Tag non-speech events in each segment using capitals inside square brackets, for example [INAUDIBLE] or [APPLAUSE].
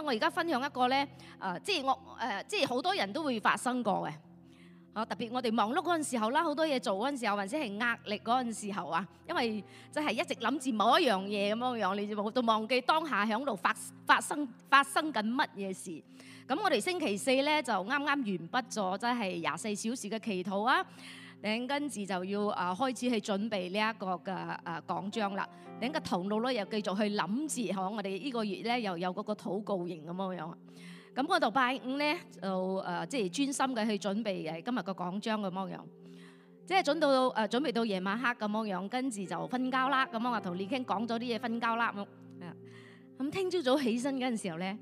我而家分享一個咧，誒、呃，即係我誒、呃，即係好多人都會發生過嘅，啊，特別我哋忙碌嗰陣時候啦，好多嘢做嗰陣時候，或者係壓力嗰陣時候啊，因為真係一直諗住某一樣嘢咁樣樣，你就冇就忘記當下響度發發生發生緊乜嘢事。咁我哋星期四咧就啱啱完畢咗，即係廿四小時嘅祈禱啊！跟住就要啊，開始去準備呢一個嘅啊講章啦。你個頭腦咧又繼續去諗住，我我哋呢個月咧又有嗰個禱告營咁樣。咁嗰度拜五咧就啊，即係專心嘅去準備誒今日個講章咁樣。即係準備到啊，準備到夜晚黑咁樣，跟住就瞓覺啦。咁我同你傾講咗啲嘢，瞓覺啦咁。咁聽朝早起身嗰陣時候咧，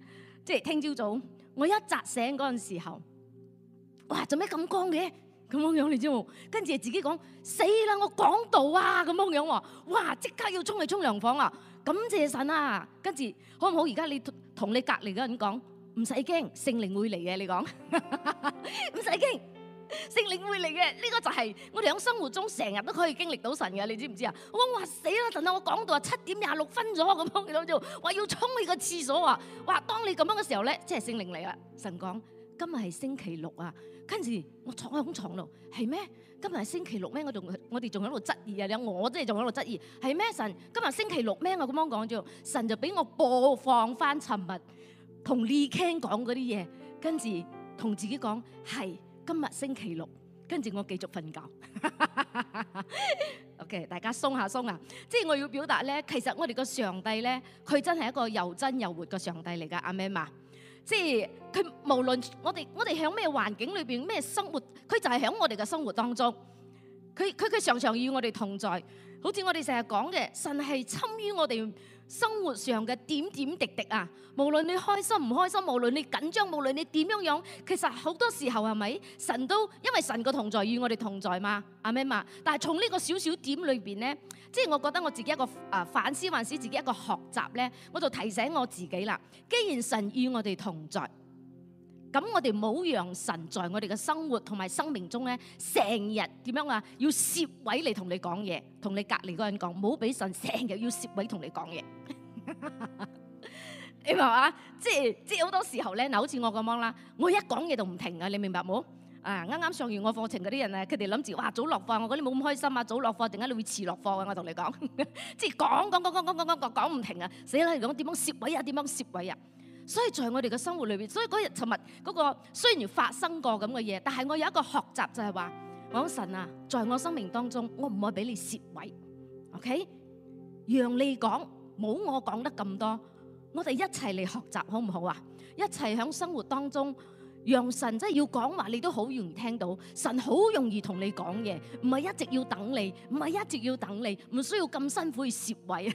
即係聽朝早我一扎醒嗰陣時候，哇！做咩咁光嘅？咁樣樣你知喎？跟住自己講死啦！我講道啊！咁樣樣喎，哇！即刻要衝去沖涼房啊！感謝神啊！跟住好唔好？而家你同你隔離嗰人講唔使驚，聖靈會嚟嘅。你講唔使驚，聖 [LAUGHS] 靈會嚟嘅。呢、這個就係我哋喺生活中成日都可以經歷到神嘅。你知唔知啊？我話死啦！等到我講道啊，七點廿六分咗咁樣樣之後，話要衝去個廁所啊！話當你咁樣嘅時候咧，即係聖靈嚟啦！神講。今日係星期六啊，跟住我坐喺空床度，係咩？今日係星期六咩？我仲我哋仲喺度質疑啊，你我真係仲喺度質疑，係咩？神今日星期六咩？我咁樣講住，神就俾我播放翻尋日同 Lee 傾講嗰啲嘢，跟住同自己講，係今日星期六，跟住我繼續瞓覺。 [LAUGHS] OK，大家鬆下鬆啊，即係我要表達咧，其實我哋個上帝咧，佢真係一個又真又活嘅上帝嚟噶，阿們。即係佢無論我哋我哋響咩環境裏邊咩生活，佢就係響我哋嘅生活當中。佢佢常常與我哋同在，好似我哋成日講嘅，神係參與我哋生活上嘅點點滴滴啊！無論你開心唔開心，無論你緊張，無論你點樣樣，其實好多時候係咪？神都因為神嘅同在與我哋同在嘛？阿咪嘛？但係從呢個小小點裏邊咧，即係我覺得我自己一個啊反思，還是自己一個學習咧，我就提醒我自己啦。既然神與我哋同在。咁我哋冇讓神在我哋嘅生活同埋生命中咧，成日點樣啊？要攝位嚟，同你講嘢，同你隔離嗰人講，冇俾神成日要攝位同你講嘢。你話啊？即係即係好多時候咧，嗱，好似我咁樣啦，我一講嘢就唔停啊！你明白冇？啊，啱啱上完我課程嗰啲人啊，佢哋諗住哇，早落課，我覺得你冇咁開心啊，早落課，點解你會遲落課？我同你講，即係講講講講講講講講唔停啊！死啦，你講點樣攝位啊？點樣攝位啊？所以在我哋嘅生活裏邊，所以嗰日尋日嗰個雖然發生過咁嘅嘢，但係我有一個學習就係話我講神啊，在我生命當中，我唔可以俾你插位，OK？讓你講，冇我講得咁多，我哋一齊嚟學習，好唔好啊？一齊響生活當中。讓神真係要講話，你都好容易聽到。神好容易同你講嘢，唔係一直要等你，唔係一直要等你，唔需要咁辛苦去攝位。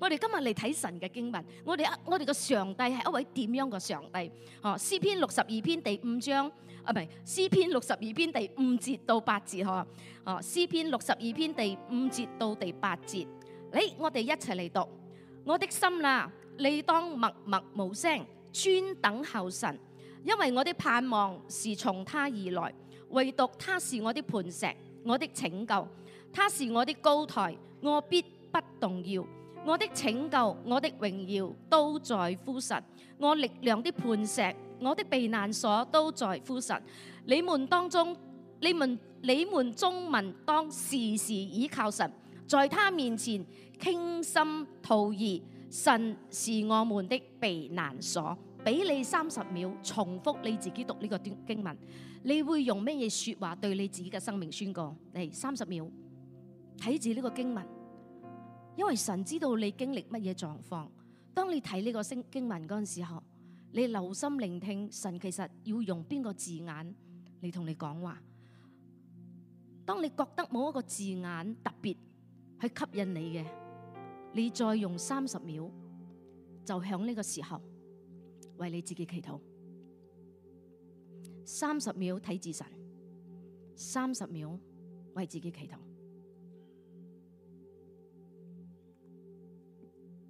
我哋今日嚟睇神嘅經文，我哋一我哋個上帝係一位點樣個上帝？哦，詩篇六十二篇第五章啊，唔係詩篇六十二篇第五節到八節，嗬哦，詩篇六十二篇第五節到第八節，你我哋一齊嚟讀我的心啦。你當默默無聲，專等候神。因為我的盼望是從他而來，唯獨他是我的磐石，我的拯救，他是我的高台，我必不動搖。我的拯救，我的榮耀都在乎神，我力量的磐石，我的避難所都在乎神。你們當中，你們你們眾民，當時時倚靠神，在他面前傾心吐意，神是我們的避難所。俾你三十秒重複你自己讀呢個經文，你會用乜嘢說話對你自己嘅生命宣告？你三十秒睇住呢個經文，因為神知道你經歷乜嘢狀況。當你睇呢個經經文嗰陣時候，你留心聆聽神其實要用邊個字眼嚟同你講話。當你覺得某一個字眼特別去吸引你嘅，你再用三十秒就響呢個時候。為你自己祈禱，三十秒睇自神，三十秒為自己祈禱。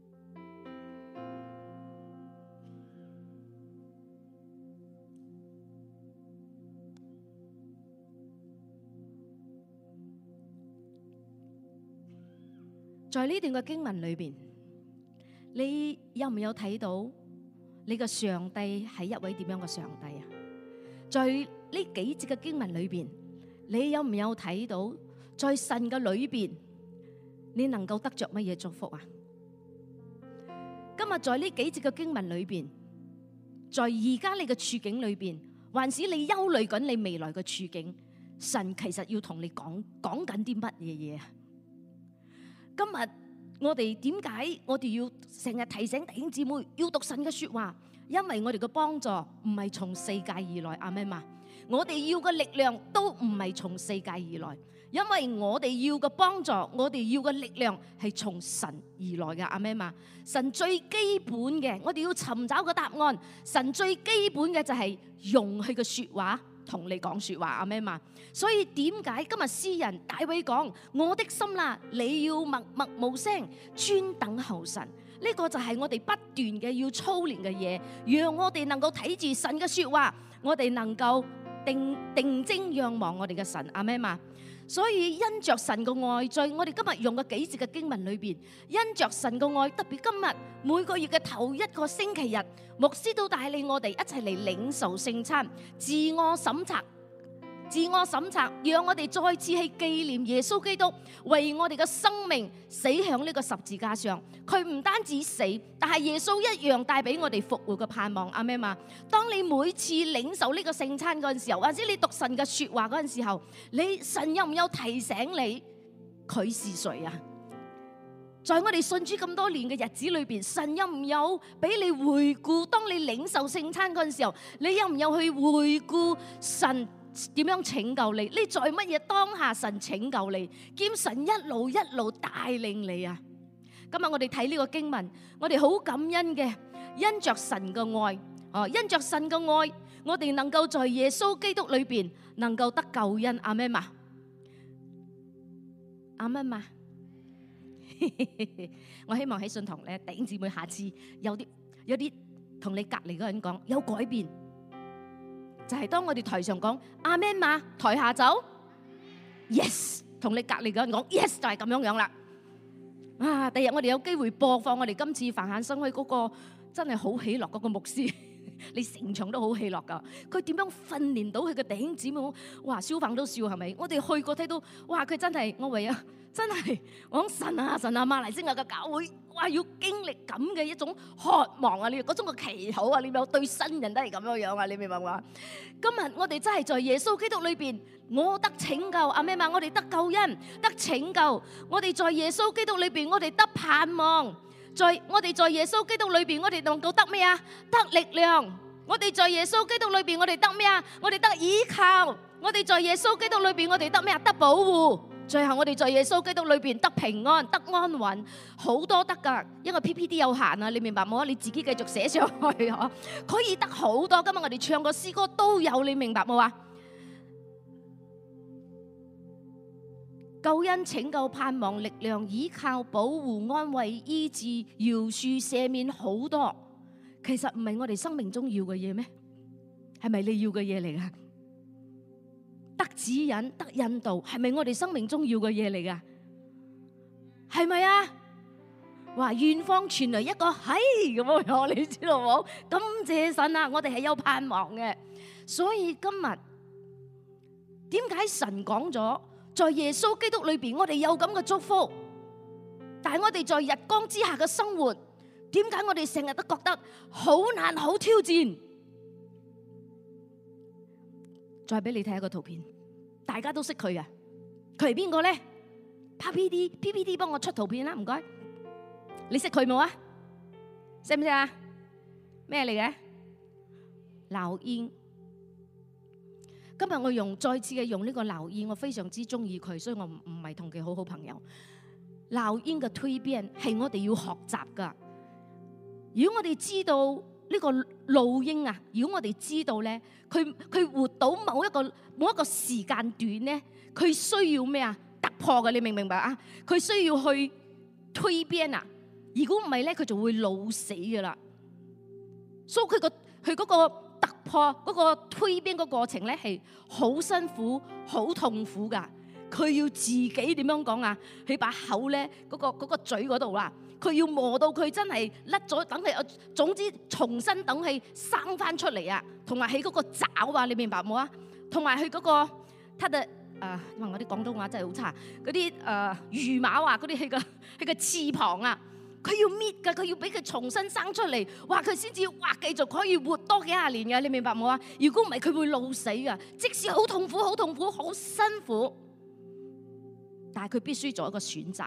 [NOISE] 在呢段嘅經文裏邊，你有唔有睇到？你嘅上帝係一位點樣嘅上帝啊？在呢幾節嘅經文裏邊，你有唔有睇到在神嘅裏邊，你能夠得着乜嘢祝福啊？今日在呢幾節嘅經文裏邊，在而家你嘅處境裏邊，還是你憂慮緊你未來嘅處境？神其實要同你講講緊啲乜嘢嘢啊？今日。我哋點解我哋要成日提醒弟兄姊妹要讀神嘅說話？因為我哋嘅幫助唔係從世界而來，阿咩嘛。我哋要嘅力量都唔係從世界而來，因為我哋要嘅幫助，我哋要嘅力量係從神而來嘅，阿咩嘛。神最基本嘅，我哋要尋找個答案，神最基本嘅就係用佢嘅說話。同你講說話，阿媽嘛，所以點解今日詩人大衛講我的心啦，你要默默無聲，專等候神？呢個就係我哋不斷嘅要操練嘅嘢，讓我哋能夠睇住神嘅說話，我哋能夠定定睛仰望我哋嘅神，阿媽嘛。所以因着神嘅愛，在，我哋今日用嘅幾節嘅經文裏邊，因着神嘅愛，特別今日每個月嘅頭一個星期日，牧師都帶領我哋一齊嚟領受聖餐、自我審察。自我審查，讓我哋再次去紀念耶穌基督，為我哋嘅生命死響呢個十字架上。佢唔單止死，但係耶穌一樣帶俾我哋復活嘅盼望。阿咩嘛，當你每次領受呢個聖餐嗰陣時候，或者你讀神嘅說話嗰陣時候，你神有唔有提醒你佢是誰啊？在我哋信主咁多年嘅日子裏邊，神有唔有俾你回顧，當你領受聖餐嗰陣時候，你有唔有去回顧神？點樣拯救你？你在乜嘢當下神拯救你？兼神一路一路帶領你啊！今日我哋睇呢個經文，我哋好感恩嘅，因着神嘅愛，哦，因着神嘅愛，我哋能夠在耶穌基督裏邊能夠得救恩。阿們嘛，阿們嘛，我希望喺信堂咧，頂姊妹下次有啲有啲同你隔籬嗰人講有改變。就係當我哋台上講 Amen 嘛，台下走，Yes，同你隔離嗰人講 Yes 就係咁樣樣啦。啊，第二日我哋有機會播放我哋今次凡間生息嗰個真係好喜樂嗰個牧師，你成場都好喜樂噶。佢點樣訓練到佢嘅頂子冇？哇，消防都笑係咪？我哋去過睇到，哇，佢真係我唯有。真係，我講神啊神啊，馬來西亞嘅教會，哇，要經歷咁嘅一種渴望啊，你嗰種嘅祈禱啊，你明唔明？對新人都係咁樣樣啊，你明唔明啊？今日我哋真係在耶穌基督裏邊，我得拯救，阿咩嘛，我哋得救恩，得拯救。我哋在耶穌基督裏邊，我哋得盼望。在我哋在耶穌基督裏邊，我哋能夠得咩啊？得力量。我哋在耶穌基督裏邊，我哋得咩啊？我哋得依靠。我哋在耶穌基督裏邊，我哋得咩啊？得保護。最後我哋在耶穌基督裏邊得平安、得安穩，好多得噶，因為 PPT 有限啊，你明白冇啊？你自己繼續寫上去嗬，可以得好多。今日我哋唱個詩歌都有，你明白冇啊？救恩、拯救、盼望、力量、倚靠、保護、安慰、醫治、饒恕、赦免好多，其實唔係我哋生命中要嘅嘢咩？係咪你要嘅嘢嚟噶？得指引，得引導，係咪我哋生命中要嘅嘢嚟噶？係咪啊？哇！遠方傳來一個嘿咁樣，你知道冇？感謝神啊！我哋係有盼望嘅，所以今日點解神講咗，在耶穌基督裏邊，我哋有咁嘅祝福，但係我哋在日光之下嘅生活，點解我哋成日都覺得好難、好挑戰？再俾你睇一個圖片，大家都識佢嘅，佢係邊個咧？拍 PPT，PPT 幫我出圖片啦，唔該。你識佢冇啊？識唔識啊？咩嚟嘅？鬧煙。今日我用再次嘅用呢個鬧煙，我非常之中意佢，所以我唔唔係同佢好好朋友。鬧煙嘅蛻變係我哋要學習噶。如果我哋知道。呢個老鷹啊，如果我哋知道咧，佢佢活到某一個某一個時間段咧，佢需要咩啊？突破嘅，你明唔明白啊？佢需要去推邊啊！如果唔係咧，佢就會老死噶啦。所以佢個佢個突破嗰個推邊個過程咧，係好辛苦、好痛苦噶。佢要自己點樣講啊？佢把口咧，嗰個嗰個嘴嗰度啊！佢要磨到佢真係甩咗，等佢啊，總之重新等佢生翻出嚟啊，同埋喺嗰個爪啊，你明白冇啊？同埋佢嗰個它的誒，我、呃、啲、呃、廣東話真係好差，嗰啲誒羽毛啊，嗰啲佢個佢個翅膀啊，佢要搣噶，佢要俾佢重新生出嚟，哇！佢先至哇，繼續可以活多幾廿年嘅，你明白冇啊？如果唔係，佢會老死啊，即使好痛苦、好痛苦、好辛苦，但係佢必須做一個選擇。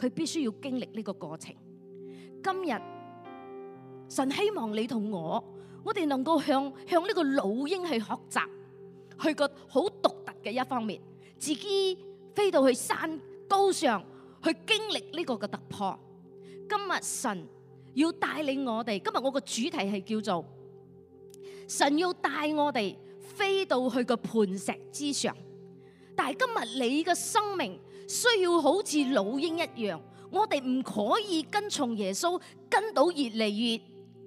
佢必須要經歷呢個過程。今日神希望你同我，我哋能夠向向呢個老鷹去學習，去個好獨特嘅一方面，自己飛到去山高上，去經歷呢個嘅突破。今日神要帶領我哋，今日我嘅主題係叫做神要帶我哋飛到去個磐石之上。但係今日你嘅生命。需要好似老鷹一樣，我哋唔可以跟從耶穌跟到越嚟越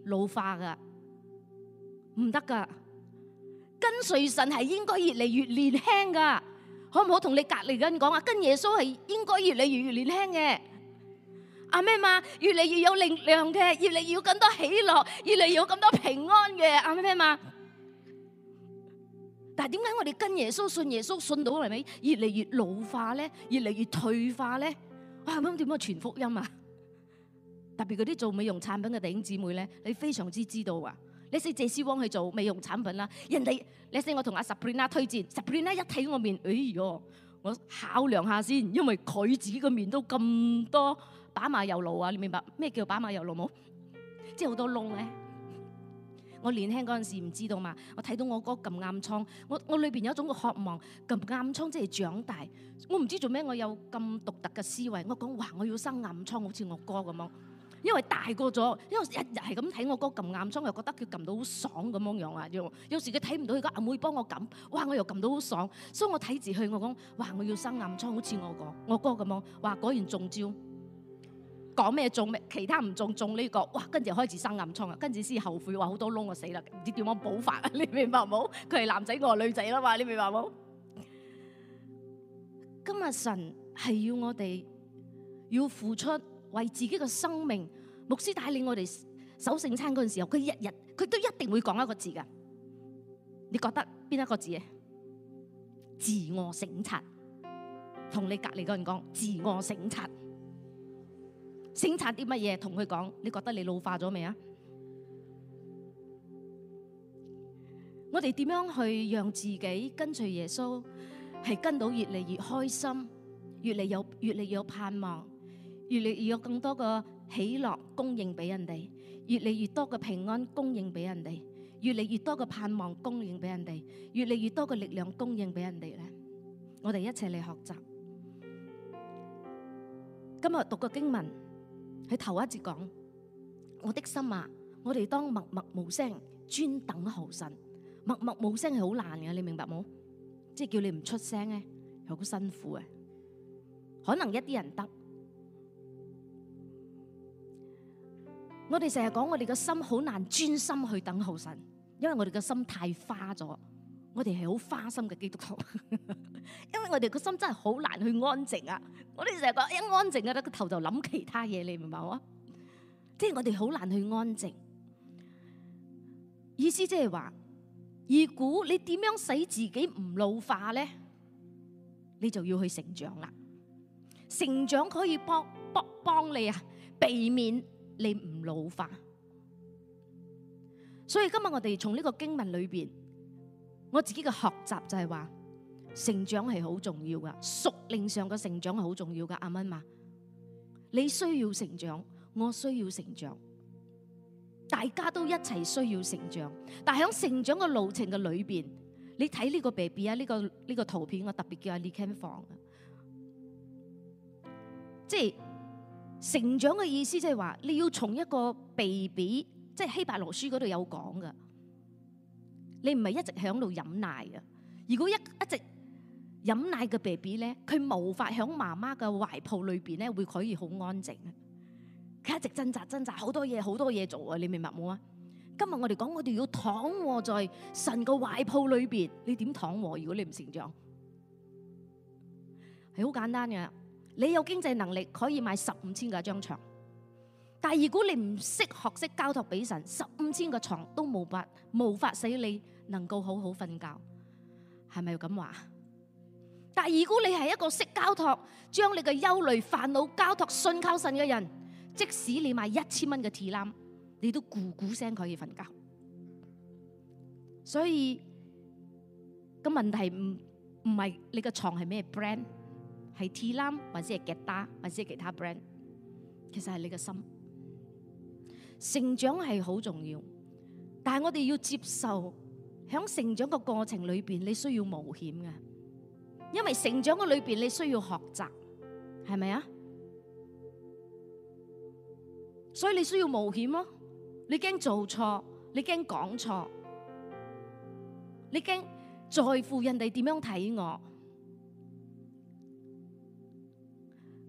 老化噶，唔得噶。跟隨神係應該越嚟越年輕噶，可唔可以同你隔籬嗰人講啊？跟耶穌係應該越嚟越，越年輕嘅，阿、啊、咩嘛，越嚟越有力量嘅，越嚟越有咁多喜樂，越嚟越有咁多平安嘅，阿、啊、咩嘛。嘛但係點解我哋跟耶穌、信耶穌、信到，係咪越嚟越老化咧？越嚟越退化咧？我係唔係點解傳福音啊？特別嗰啲做美容產品嘅弟兄姊妹咧，你非常之知道啊！你識謝思汪去做美容產品啦，啊，人哋你識我同阿 Sabrina 推薦，Sabrina 一睇我面，哎呦，我考量下先，因為佢自己個面都咁多把馬油路啊，你明白咩叫把馬油路冇？即係好多窿咧。我年輕嗰陣時唔知道嘛，我睇到我哥撳暗瘡，我我裏邊有一種個渴望撳暗瘡即係長大，我唔知做咩我有咁獨特嘅思維，我講哇我要生暗瘡好似我哥咁樣，因為大個咗，因為日日係咁睇我哥撳暗瘡，又覺得佢撳到好爽咁樣樣啊，有有時佢睇唔到佢個阿妹幫我撳，哇我又撳到好爽，所以我睇住佢我講，哇我要生暗瘡好似我哥我哥咁樣，哇果然中招。講咩種咩，其他唔種種呢個，哇！跟住開始生暗瘡啊，跟住先後悔，話好多窿啊，我死啦！你點樣補法？你明白冇？佢係男仔我係女仔啊嘛，你明白冇？今日神係要我哋要付出，為自己嘅生命。牧師帶領我哋守聖餐嗰陣時候，佢日日佢都一定會講一個字噶。你覺得邊一個字？自我省察，同你隔籬嗰人講自我省察。生產啲乜嘢？同佢講，你覺得你老化咗未啊？我哋點樣去讓自己跟隨耶穌，係跟到越嚟越開心，越嚟有越嚟越有盼望，越嚟越有更多嘅喜樂供應俾人哋，越嚟越多嘅平安供應俾人哋，越嚟越多嘅盼望供應俾人哋，越嚟越多嘅力量供應俾人哋咧？我哋一齊嚟學習。今日讀個經文。喺頭一節講，我的心啊，我哋當默默無聲，專等候神。默默無聲係好難嘅，你明白冇？即係叫你唔出聲咧，好辛苦嘅。可能一啲人得，我哋成日講我哋嘅心好難專心去等候神，因為我哋嘅心太花咗，我哋係好花心嘅基督徒。因為我哋個心真係好難去安靜啊！我哋成日講一安靜啊，得個頭就諗其他嘢，你明唔明啊？即係我哋好難去安靜。意思即係話，如果你點樣使自己唔老化咧，你就要去成長啦。成長可以幫幫幫你啊，避免你唔老化。所以今日我哋從呢個經文裏邊，我自己嘅學習就係話。成長係好重要噶，屬靈上嘅成長係好重要噶。阿蚊嘛，你需要成長，我需要成長，大家都一齊需要成長。但喺成長嘅路程嘅裏邊，你睇呢個 BB 啊，呢、這個呢、這個圖片，我特別叫阿 Lian 放。即係成長嘅意思，就是，即係話你要從一個 BB，即係希伯來書嗰度有講噶，你唔係一直喺度飲奶啊。如果一一直飲奶嘅 B B 咧，佢無法響媽媽嘅懷抱裏邊咧，會可以好安靜。佢一直掙扎掙扎，好多嘢、好多嘢做啊！你明白冇啊？今日我哋講，我哋要躺臥在神嘅懷抱裏邊，你點躺臥？如果你唔成長，係好簡單嘅。你有經濟能力可以買十五千嘅一張床，但係如果你唔識學識交託俾神，十五千嘅床都無法無法使你能夠好好瞓覺，係咪要咁話？但係，如果你係一個識交託，將你嘅憂慮、煩惱交託信靠神嘅人，即使你買一千蚊嘅 T. Lam，你都咕咕聲可以瞓覺。所以個問題唔唔係你嘅床係咩 brand，係 T. Lam 或者係吉他或者係其他 brand，其實係你嘅心。成長係好重要，但係我哋要接受響成長嘅過程裏邊，你需要冒險嘅。因為成長嘅裏邊你需要學習，係咪啊？所以你需要冒險咯，你驚做錯，你驚講錯，你驚在乎人哋點樣睇我。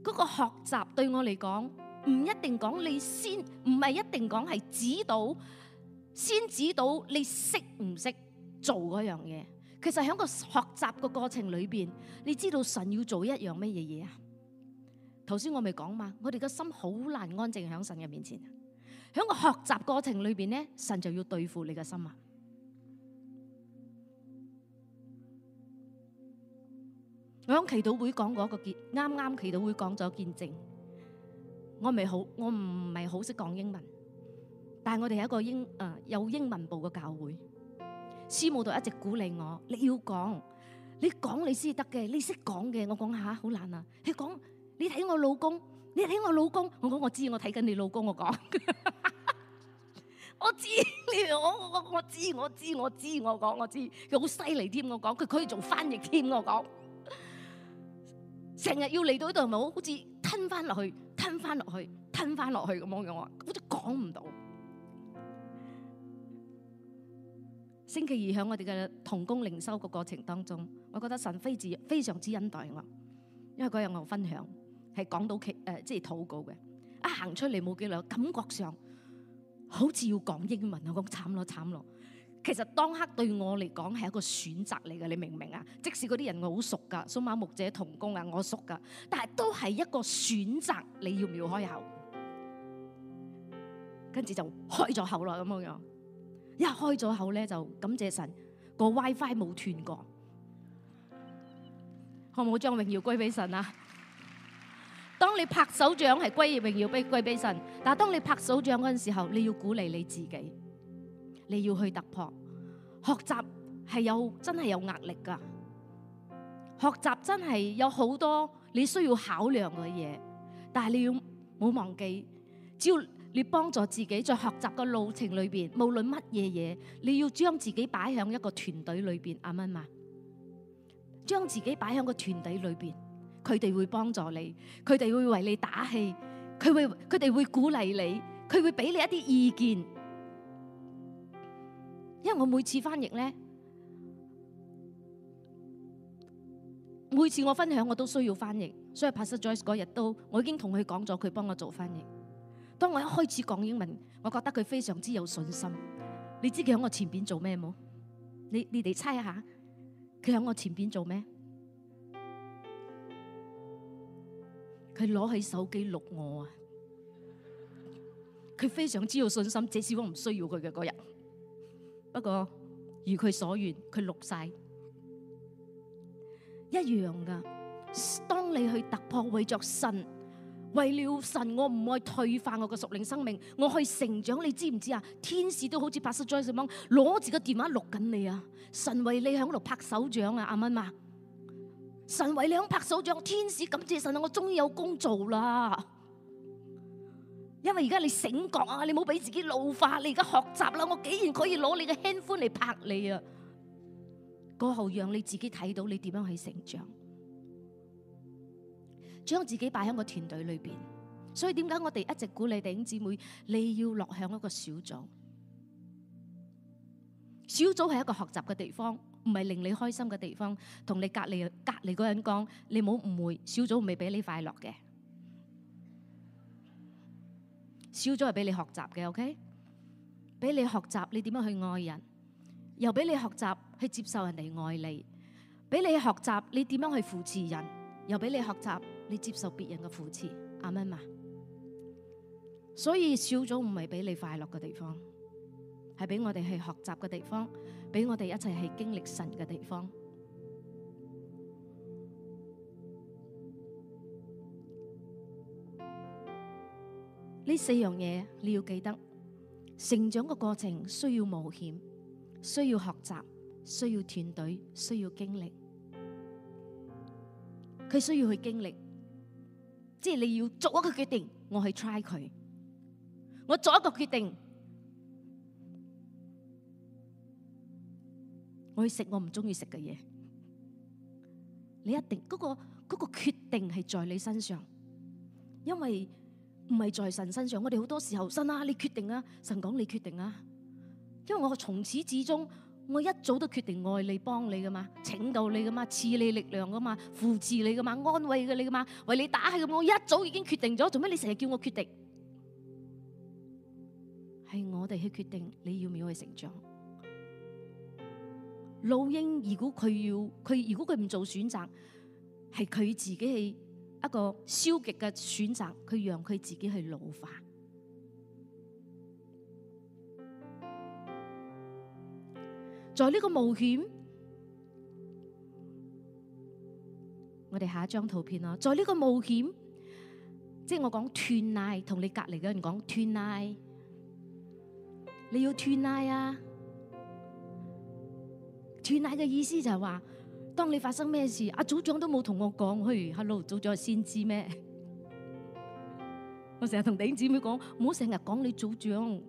嗰個學習對我嚟講，唔一定講你先，唔係一定講係指導，先指導你識唔識做嗰樣嘢。其實喺個學習嘅過程裏邊，你知道神要做一樣乜嘢嘢啊？頭先我咪講嘛，我哋個心好難安靜喺神嘅面前。喺個學習過程裏邊呢，神就要對付你嘅心啊！我喺祈禱會講過一個見，啱啱祈禱會講咗見證。我咪好，我唔係好識講英文，但係我哋係一個英誒有英文部嘅教會。師母就一直鼓勵我，你要講，你講你先得嘅，你識講嘅，我講下，好難啊！你講，你睇我老公，你睇我老公，我講我知，我睇緊你老公，我講， [LAUGHS] 我知，我我我我知我知我知我講我知，佢好犀利添，我講佢可以做翻譯添，我講，成 [LAUGHS] 日要嚟到呢度係咪？是是好似吞翻落去，吞翻落去，吞翻落去咁樣，我話，好似講唔到。星期二喺我哋嘅同工靈修嘅過程當中，我覺得神非自非常之恩待我，因為嗰日我分享係講到其誒即係禱告嘅，一行出嚟冇幾耐，感覺上好似要講英文啊！我慘咯慘咯，其實當刻對我嚟講係一個選擇嚟嘅，你明唔明啊？即使嗰啲人我好熟噶，數碼木者同工啊，我熟噶，但係都係一個選擇，你要唔要開口？跟住就開咗口咯咁嘅樣。一開咗口咧，就感謝神，個 WiFi 冇斷過。好唔好將榮耀歸俾神啊！當你拍手掌係歸業榮耀，歸歸俾神。但係當你拍手掌嗰陣時候，你要鼓勵你自己，你要去突破。學習係有真係有壓力噶，學習真係有好多你需要考量嘅嘢，但係你要唔好忘記，只要。你幫助自己在學習嘅路程裏邊，無論乜嘢嘢，你要將自己擺喺一個團隊裏邊。啱唔啱嘛？將自己擺喺個團隊裏邊，佢哋會幫助你，佢哋會為你打氣，佢會佢哋會鼓勵你，佢會俾你一啲意見。因為我每次翻譯呢，每次我分享我都需要翻譯，所以 Pastor Joyce 嗰日都，我已經同佢講咗，佢幫我做翻譯。當我一開始講英文，我覺得佢非常之有信心。你知佢喺我前邊做咩冇？你你哋猜一下，佢喺我前邊做咩？佢攞起手機錄我啊！佢非常之有信心，呢次我唔需要佢嘅嗰日。不過如佢所願，佢錄晒一樣㗎。當你去突破為着神。為了神，我唔愛退化我個屬靈生命，我去成長，你知唔知啊？天使都好似拍攝《j a s 攞住個電話錄緊你啊！神為你響度拍手掌啊，阿媽！神為你響拍手掌，天使感謝神啊！我終於有工做啦！因為而家你醒覺啊，你冇好俾自己老化，你而家學習啦！我竟然可以攞你嘅輕歡嚟拍你啊！過後讓你自己睇到你點樣去成長。將自己擺喺個團隊裏邊，所以點解我哋一直鼓勵弟兄姊妹，你要落響一個小組。小組係一個學習嘅地方，唔係令你開心嘅地方。同你隔籬隔籬嗰人講，你冇誤會，小組唔係俾你快樂嘅。小組係俾你學習嘅，OK？俾你學習你點樣去愛人，又俾你學習去接受人哋愛你，俾你學習你點樣去扶持人，又俾你學習。你接受別人嘅扶持，Amen 嘛？所以小組唔係俾你快樂嘅地方，係俾我哋去學習嘅地方，俾我哋一齊去經歷神嘅地方。呢四樣嘢你要記得，成長嘅過程需要冒險，需要學習，需要團隊，需要經歷。佢需要去經歷。即係你要做一個決定，我去 try 佢，我做一個決定，我去食我唔中意食嘅嘢。你一定嗰個嗰個決定係在你身上，因為唔係在神身上。我哋好多時候神啊，你決定啊，神講你決定啊，因為我從始至終。我一早都決定愛你、幫你噶嘛，拯救你噶嘛，賜你力量噶嘛，扶持你噶嘛，安慰嘅你噶嘛，為你打氣。咁我一早已經決定咗，做咩你成日叫我決定？係我哋去決定你要唔要去成長。老鷹如果佢要佢，如果佢唔做選擇，係佢自己係一個消極嘅選擇，佢讓佢自己去老化。在呢個冒險，我哋下一張圖片咯。在呢個冒險，即係我講斷奶，同你隔離嘅人講斷奶，你要斷奶啊！斷奶嘅意思就係話，當你發生咩事，阿組長都冇同我講。喂，hello，組長先知咩？我成日同弟兄姊妹講，唔好成日講你組長。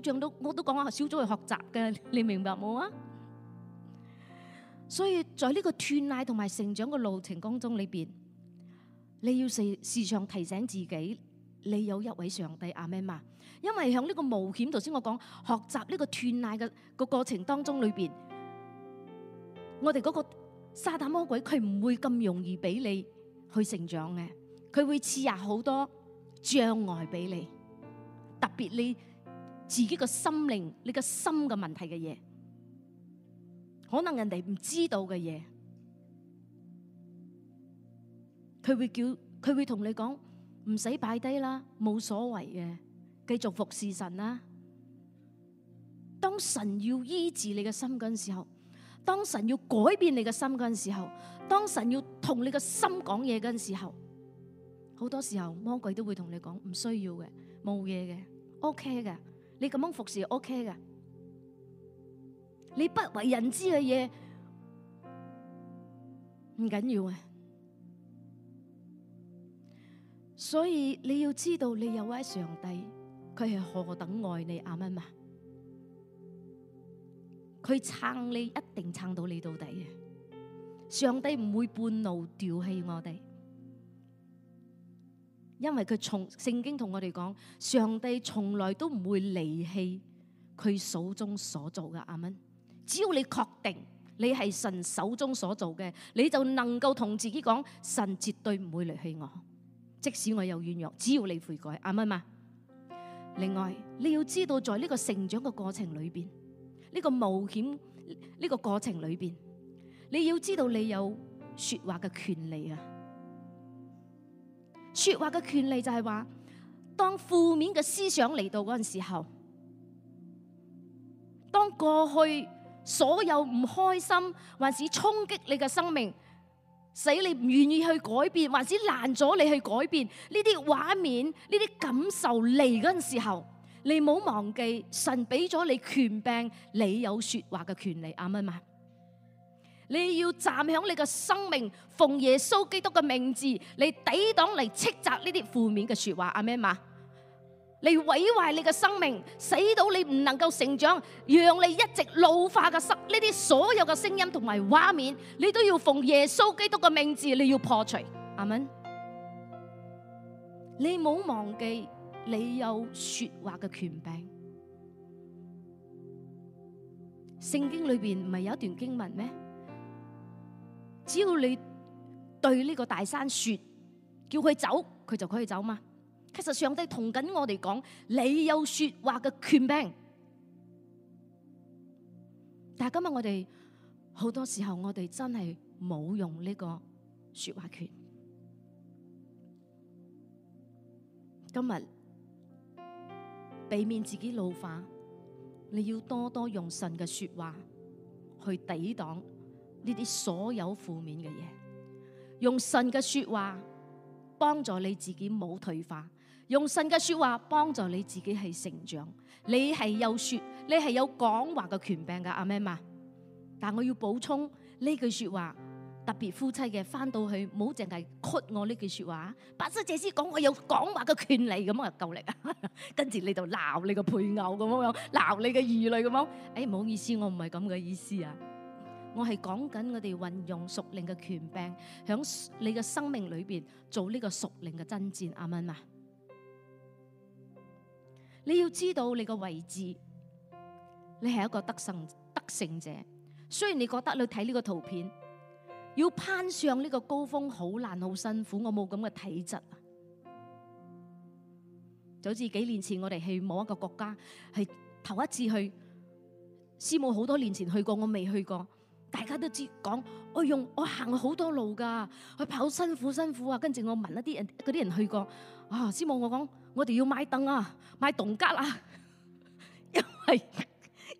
組長都我都講話少咗去學習嘅，你明白冇啊？所以在呢個斷奶同埋成長嘅路程當中裏邊，你要時時常提醒自己，你有一位上帝阿媽。因為響呢個冒險，頭先我講學習呢個斷奶嘅個過程當中裏邊，我哋嗰個撒旦魔鬼佢唔會咁容易俾你去成長嘅，佢會賜下好多障礙俾你，特別你。自己個心靈、你個心嘅問題嘅嘢，可能人哋唔知道嘅嘢，佢會叫，佢會同你講，唔使擺低啦，冇所謂嘅，繼續服侍神啦。當神要醫治你嘅心嗰陣時候，當神要改變你嘅心嗰陣時候，當神要同你嘅心講嘢嗰陣時候，好多時候魔鬼都會同你講唔需要嘅，冇嘢嘅，OK 嘅。你咁樣服侍 OK 㗎，你不為人知嘅嘢唔緊要啊，所以你要知道你有位上帝，佢係何等愛你呀，明嘛？佢撐你一定撐到你到底嘅，上帝唔會半路掉棄我哋。因為佢從聖經同我哋講，上帝從來都唔會離棄佢手中所做嘅，阿們。只要你確定你係神手中所做嘅，你就能夠同自己講，神絕對唔會離棄我，即使我有軟弱，只要你悔改，阿們嘛。另外，你要知道，在呢個成長嘅過程裏邊，呢個冒險呢個過程裏邊，你要知道你有說話嘅權利啊。說話嘅權利就係話，當負面嘅思想嚟到嗰陣時候，當過去所有唔開心，還是衝擊你嘅生命，使你唔願意去改變，還是難咗你去改變，呢啲畫面，呢啲感受嚟嗰陣時候，你唔好忘記，神俾咗你權柄，你有說話嘅權利，啱唔啱？你要站喺你嘅生命，奉耶穌基督嘅名字嚟抵擋、嚟斥責呢啲負面嘅說話，阿們，你毀壞你嘅生命，使到你唔能夠成長，讓你一直老化嘅聲，呢啲所有嘅聲音同埋畫面，你都要奉耶穌基督嘅名字，你要破除，阿們，你冇忘記你有說話嘅權柄，聖經裏邊唔係有一段經文咩？只要你對呢個大山說，叫佢走，佢就可以走嘛。其實上帝同緊我哋講，你有說話嘅權柄。但係今日我哋好多時候，我哋真係冇用呢個說話權。今日避免自己老化，你要多多用神嘅說話去抵擋。呢啲所有負面嘅嘢，用神嘅說話幫助你自己冇退化，用神嘅說話幫助你自己係成長。你係有說，你係有講話嘅權柄噶阿 Mem 咪，但我要補充呢句說話，特別夫妻嘅翻到去唔好淨係 cut 我呢句說話。伯斯姐斯講我有講話嘅權利咁啊夠力啊， [LAUGHS] 跟住你就鬧你個配偶咁樣樣，鬧你嘅兒女咁樣。誒唔好意思，我唔係咁嘅意思啊。我係講緊我哋運用屬靈嘅權柄，響你嘅生命裏邊做呢個屬靈嘅爭戰。阿們啊，你要知道你個位置，你係一個得勝得勝者。雖然你覺得你睇呢個圖片，要攀上呢個高峰好難好辛苦，我冇咁嘅體質。就好似幾年前我哋去某一個國家，係頭一次去，師母好多年前去過，我未去過。大家都知講，我用我行好多路噶，去跑辛苦辛苦啊！跟住我問一啲人，嗰啲人去過啊，師母我講，我哋要買凳啊，買動架啊，因為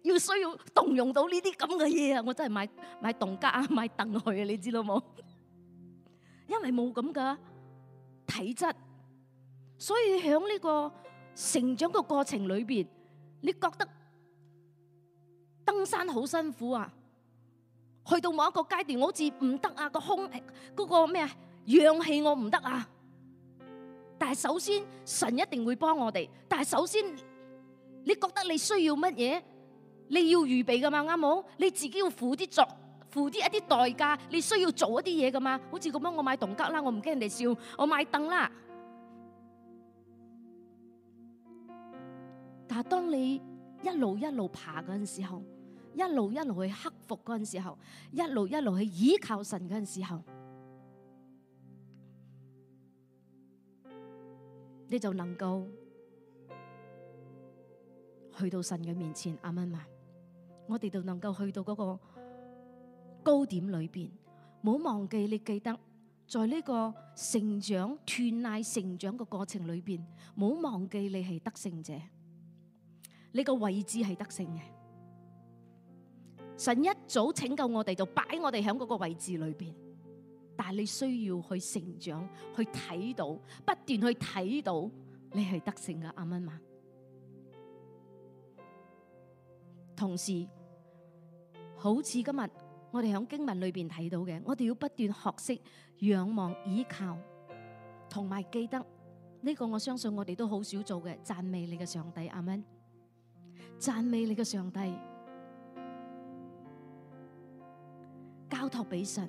要需要動用到呢啲咁嘅嘢啊！我真係買買動架啊，買凳去啊，你知道冇？因為冇咁嘅體質，所以喺呢個成長嘅過程裏邊，你覺得登山好辛苦啊？去到某一個階段，我好似唔得啊！個胸，嗰個咩啊，氧氣我唔得啊！但係首先神一定會幫我哋，但係首先你覺得你需要乜嘢，你要預備噶嘛，啱冇？你自己要付啲作，付啲一啲代價，你需要做一啲嘢噶嘛？好似咁樣，我買棟吉啦，我唔驚人哋笑，我買凳啦。但係當你一路一路爬嗰陣時候，一路一路去克服嗰陣時候，一路一路去倚靠神嗰陣時候，你就能夠去到神嘅面前，阿們嘛，我哋就能夠去到嗰個高點裏邊。唔好忘記你記得，在呢個成長斷奶、成長嘅過程裏邊，唔好忘記你係得勝者，你個位置係得勝嘅。神一早拯救我哋，就擺我哋響嗰個位置裏邊。但係你需要去成長，去睇到，不斷去睇到你，你係得勝嘅阿 m i 嘛。同時，好似今日我哋響經文裏邊睇到嘅，我哋要不斷學識仰望、倚靠，同埋記得呢、這個。我相信我哋都好少做嘅，讚美你嘅上帝，阿 min，讚美你嘅上帝。交託俾神，呢、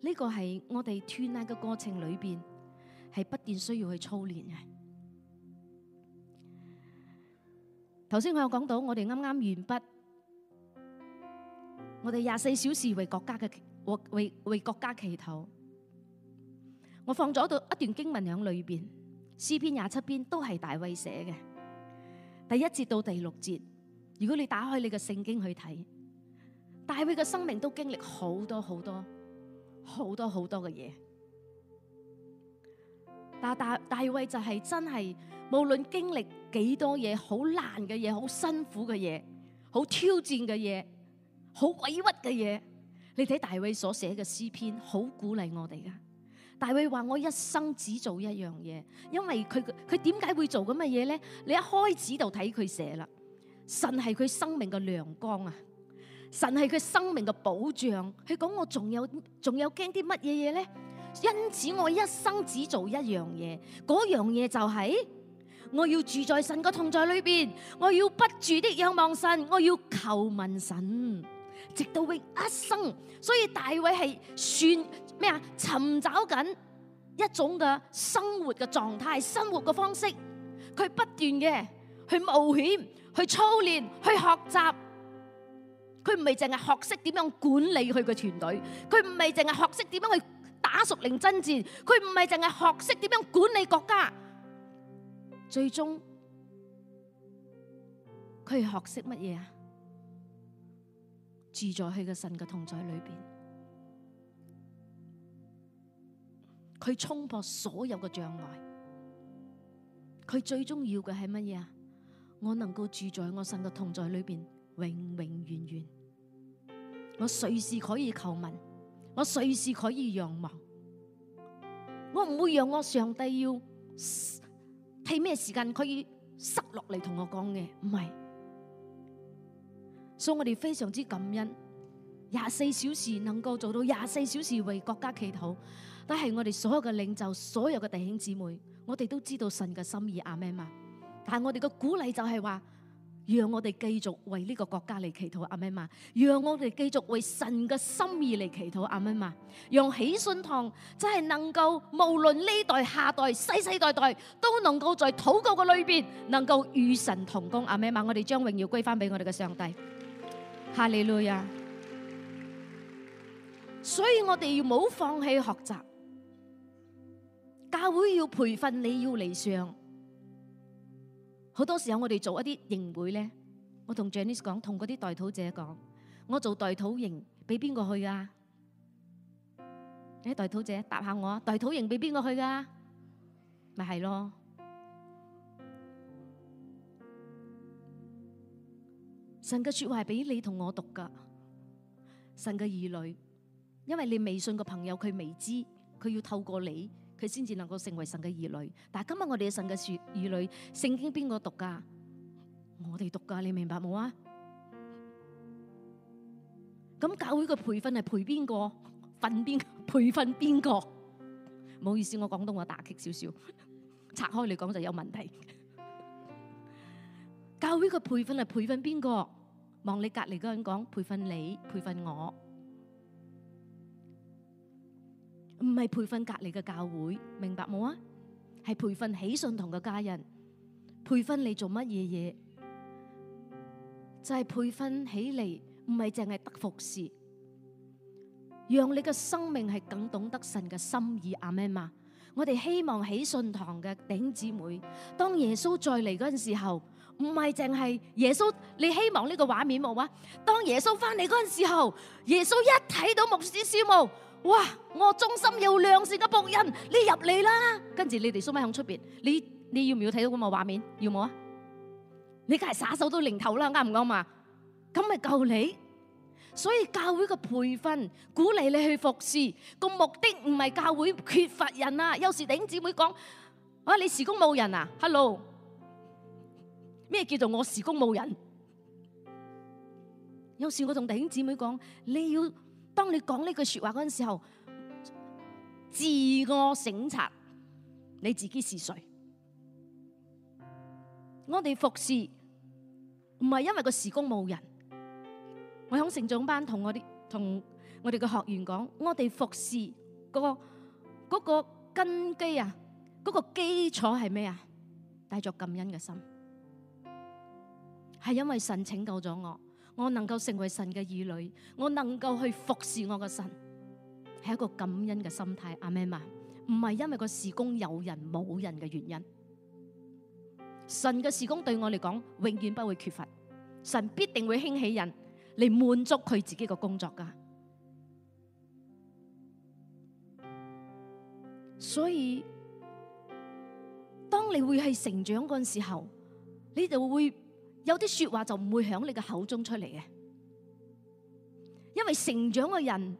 這個係我哋脫難嘅過程裏邊，係不斷需要去操練嘅。頭先我有講到，我哋啱啱完畢，我哋廿四小時為國家嘅我為為國家祈禱。我放咗到一段經文喺裏邊，詩篇廿七篇都係大衛寫嘅，第一節到第六節。如果你打開你嘅聖經去睇，大衛嘅生命都經歷好多好多好多好多嘅嘢，但大大衛就係真係無論經歷幾多嘢，好難嘅嘢，好辛苦嘅嘢，好挑戰嘅嘢，好委屈嘅嘢，你睇大衛所寫嘅詩篇好鼓勵我哋噶。大衛話我一生只做一樣嘢，因為佢佢點解會做咁嘅嘢咧？你一開始就睇佢寫啦，神係佢生命嘅亮光啊！神係佢生命嘅保障，佢講，我仲有仲有驚啲乜嘢嘢咧？因此我一生只做一樣嘢，嗰樣嘢就係我要住在神嘅同在裏邊，我要不住的仰望神，我要求問神，直到永一生。所以大衛係算咩啊？尋找緊一種嘅生活嘅狀態、生活嘅方式，佢不斷嘅去冒險、去操練、去學習。佢唔係淨係學識點樣管理佢個團隊，佢唔係淨係學識點樣去打熟令真戰，佢唔係淨係學識點樣管理國家，最終佢係學識乜嘢啊？住在佢嘅神嘅同在裏邊，佢衝破所有嘅障礙，佢最終要嘅係乜嘢啊？我能夠住在我神嘅同在裏邊，永永遠遠。我隨時可以求問，我隨時可以仰望，我唔會讓我上帝要睇咩時間可以塞落嚟同我講嘅，唔係。所以我哋非常之感恩，廿四小時能夠做到廿四小時為國家祈禱，但係我哋所有嘅領袖、所有嘅弟兄姊妹，我哋都知道神嘅心意，阿們嘛？但係我哋嘅鼓勵就係話。讓我哋繼續為呢個國家嚟祈禱，阿媽咪；讓我哋繼續為神嘅心意嚟祈禱，阿媽咪；讓喜信堂真係能夠無論呢代下代世世代代都能夠在禱告嘅裏邊能夠與神同工，阿媽咪；我哋將榮耀歸翻俾我哋嘅上帝。哈利路亞！所以我哋要唔好放棄學習，教會要培訓你要嚟上。好多時候我哋做一啲營會咧，我同 Janice 講，同嗰啲代禱者講，我做代禱營俾邊個去啊？誒，代禱者答下我啊，代禱營俾邊個去噶？咪係咯，神嘅說話係俾你同我讀噶，神嘅兒女，因為你未信嘅朋友佢未知，佢要透過你。佢先至能夠成為神嘅兒女，但係今日我哋嘅神嘅兒女，聖經邊個讀噶？我哋讀噶，你明白冇啊？咁教會嘅培訓係培邊個訓邊個培訓邊個？唔好意思，我講到我打擊少少，拆開嚟講就有問題。教會嘅培訓係培訓邊個？望你隔籬嗰人講培訓你，培訓我。唔係培訓隔離嘅教會，明白冇啊？係培訓喜信堂嘅家人，培訓你做乜嘢嘢？就係培訓起嚟，唔係淨係得服侍，讓你嘅生命係更懂得神嘅心意，阿們啊？我哋希望喜信堂嘅頂姊妹，當耶穌再嚟嗰陣時候，唔係淨係耶穌，你希望呢個畫面冇啊？當耶穌翻嚟嗰陣時候，耶穌一睇到牧師師母。哇！我忠心又良善嘅僕人，你入嚟啦！跟住你哋縮埋響出邊，你你要唔要睇到咁嘅畫面？要冇啊？你梗係耍手都擰頭啦，啱唔啱啊？咁咪夠你，所以教會嘅培訓鼓勵你去服侍，個目的唔係教會缺乏人啊！有時弟兄姊妹講：啊，你事工冇人啊？Hello，咩叫做我事工冇人？有時我同弟兄姊妹講，你要。當你講呢句說話嗰陣時候，自我省察，你自己是誰？我哋服侍唔係因為個時工冇人。我響成長班同我哋同我哋嘅學員講，我哋服侍個嗰個根基啊，嗰個基礎係咩啊？帶着感恩嘅心，係因為神拯救咗我。我能夠成為神嘅兒女，我能夠去服侍我嘅神，係一個感恩嘅心態。阿們嘛唔係因為個事工有人冇人嘅原因，神嘅事工對我嚟講永遠不會缺乏，神必定會興起人嚟滿足佢自己嘅工作噶。所以當你會係成長嗰陣時候，你就會。有啲說話就唔會響你嘅口中出嚟嘅，因為成長嘅人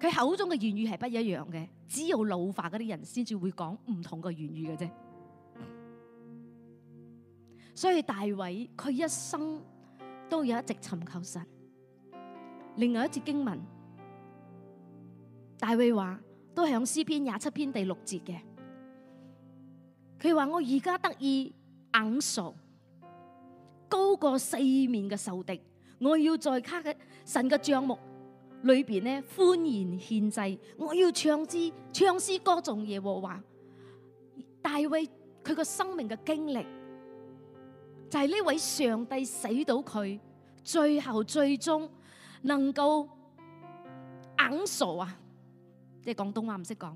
佢口中嘅言語係不一樣嘅，只有老化嗰啲人先至會講唔同嘅言語嘅啫。所以大衛佢一生都有一直尋求神。另外一節經文，大衛話都響詩篇廿七篇第六節嘅，佢話我而家得以昂首。高過四面嘅仇敵，我要在卡嘅神嘅帳目裏邊咧歡然獻祭，我要唱支唱詩歌頌耶和華。大衛佢個生命嘅經歷，就係呢位上帝死到佢最後最終能夠硬傻啊！即係廣東話唔識講，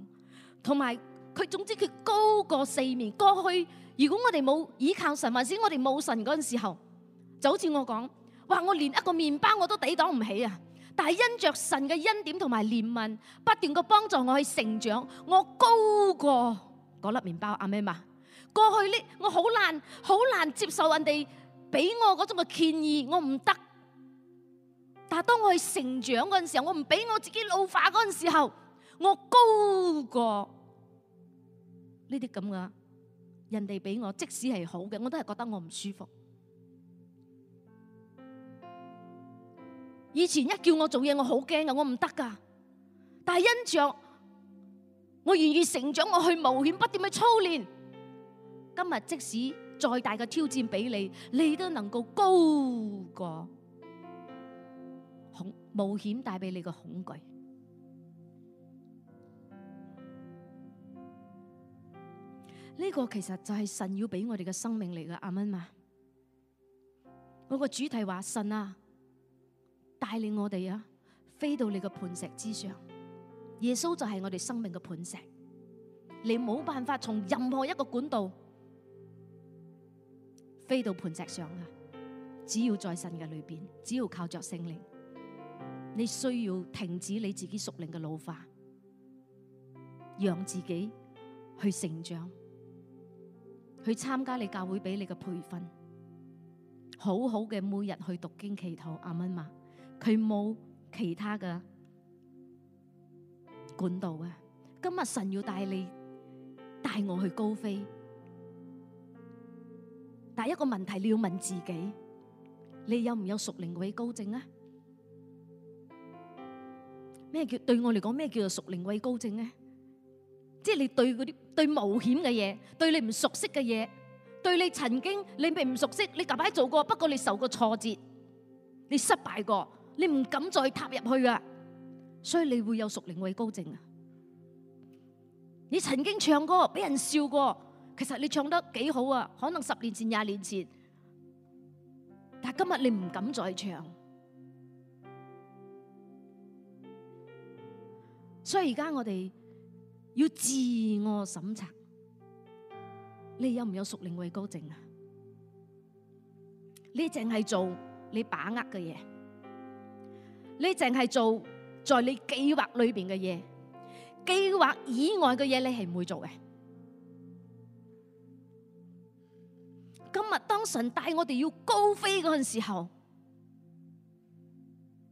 同埋佢總之佢高過四面過去。如果我哋冇倚靠神，或者我哋冇神嗰陣時候，就好似我講，哇！我連一個麵包我都抵擋唔起啊！但係因着神嘅恩典同埋憐憫，不斷嘅幫助我去成長，我高過嗰粒麵包啊！咩嘛？過去呢，我好難好難接受人哋俾我嗰種嘅建議，我唔得。但係當我去成長嗰陣時候，我唔俾我自己老化嗰陣時候，我高過呢啲咁嘅。人哋俾我，即使係好嘅，我都係覺得我唔舒服。以前一叫我做嘢，我好驚呀，我唔得噶。但係因着我願意成長，我去冒險不斷嘅操練。今日即使再大嘅挑戰俾你，你都能夠高過恐冒險帶俾你嘅恐懼。呢個其實就係神要俾我哋嘅生命嚟㗎，明白嘛。我個主題話神啊，帶領我哋啊，飛到你個磐石之上。耶穌就係我哋生命嘅磐石，你冇辦法從任何一個管道飛到磐石上啊！只要在神嘅裏邊，只要靠着聖靈，你需要停止你自己屬靈嘅老化，讓自己去成長。去參加你教會俾你嘅培訓，好好嘅每日去讀經祈禱阿媽嘛，佢冇其他嘅管道啊！今日神要帶你帶我去高飛，但係一個問題你要問自己，你有唔有屬靈畏高症啊？咩叫對我嚟講咩叫做屬靈畏高症咧？即係你對嗰啲。對冒險嘅嘢，對你唔熟悉嘅嘢，對你曾經你未唔熟悉，你近排做過，不過你受過挫折，你失敗過，你唔敢再踏入去噶，所以你會有屬靈畏高症啊！你曾經唱歌俾人笑過，其實你唱得幾好啊，可能十年前、廿年前，但係今日你唔敢再唱，所以而家我哋。要自我審查，你有唔有屬靈畏高症啊？你淨係做你把握嘅嘢，你淨係做在你計劃裏邊嘅嘢，計劃以外嘅嘢你係唔會做嘅。今日當神帶我哋要高飛嗰陣時候，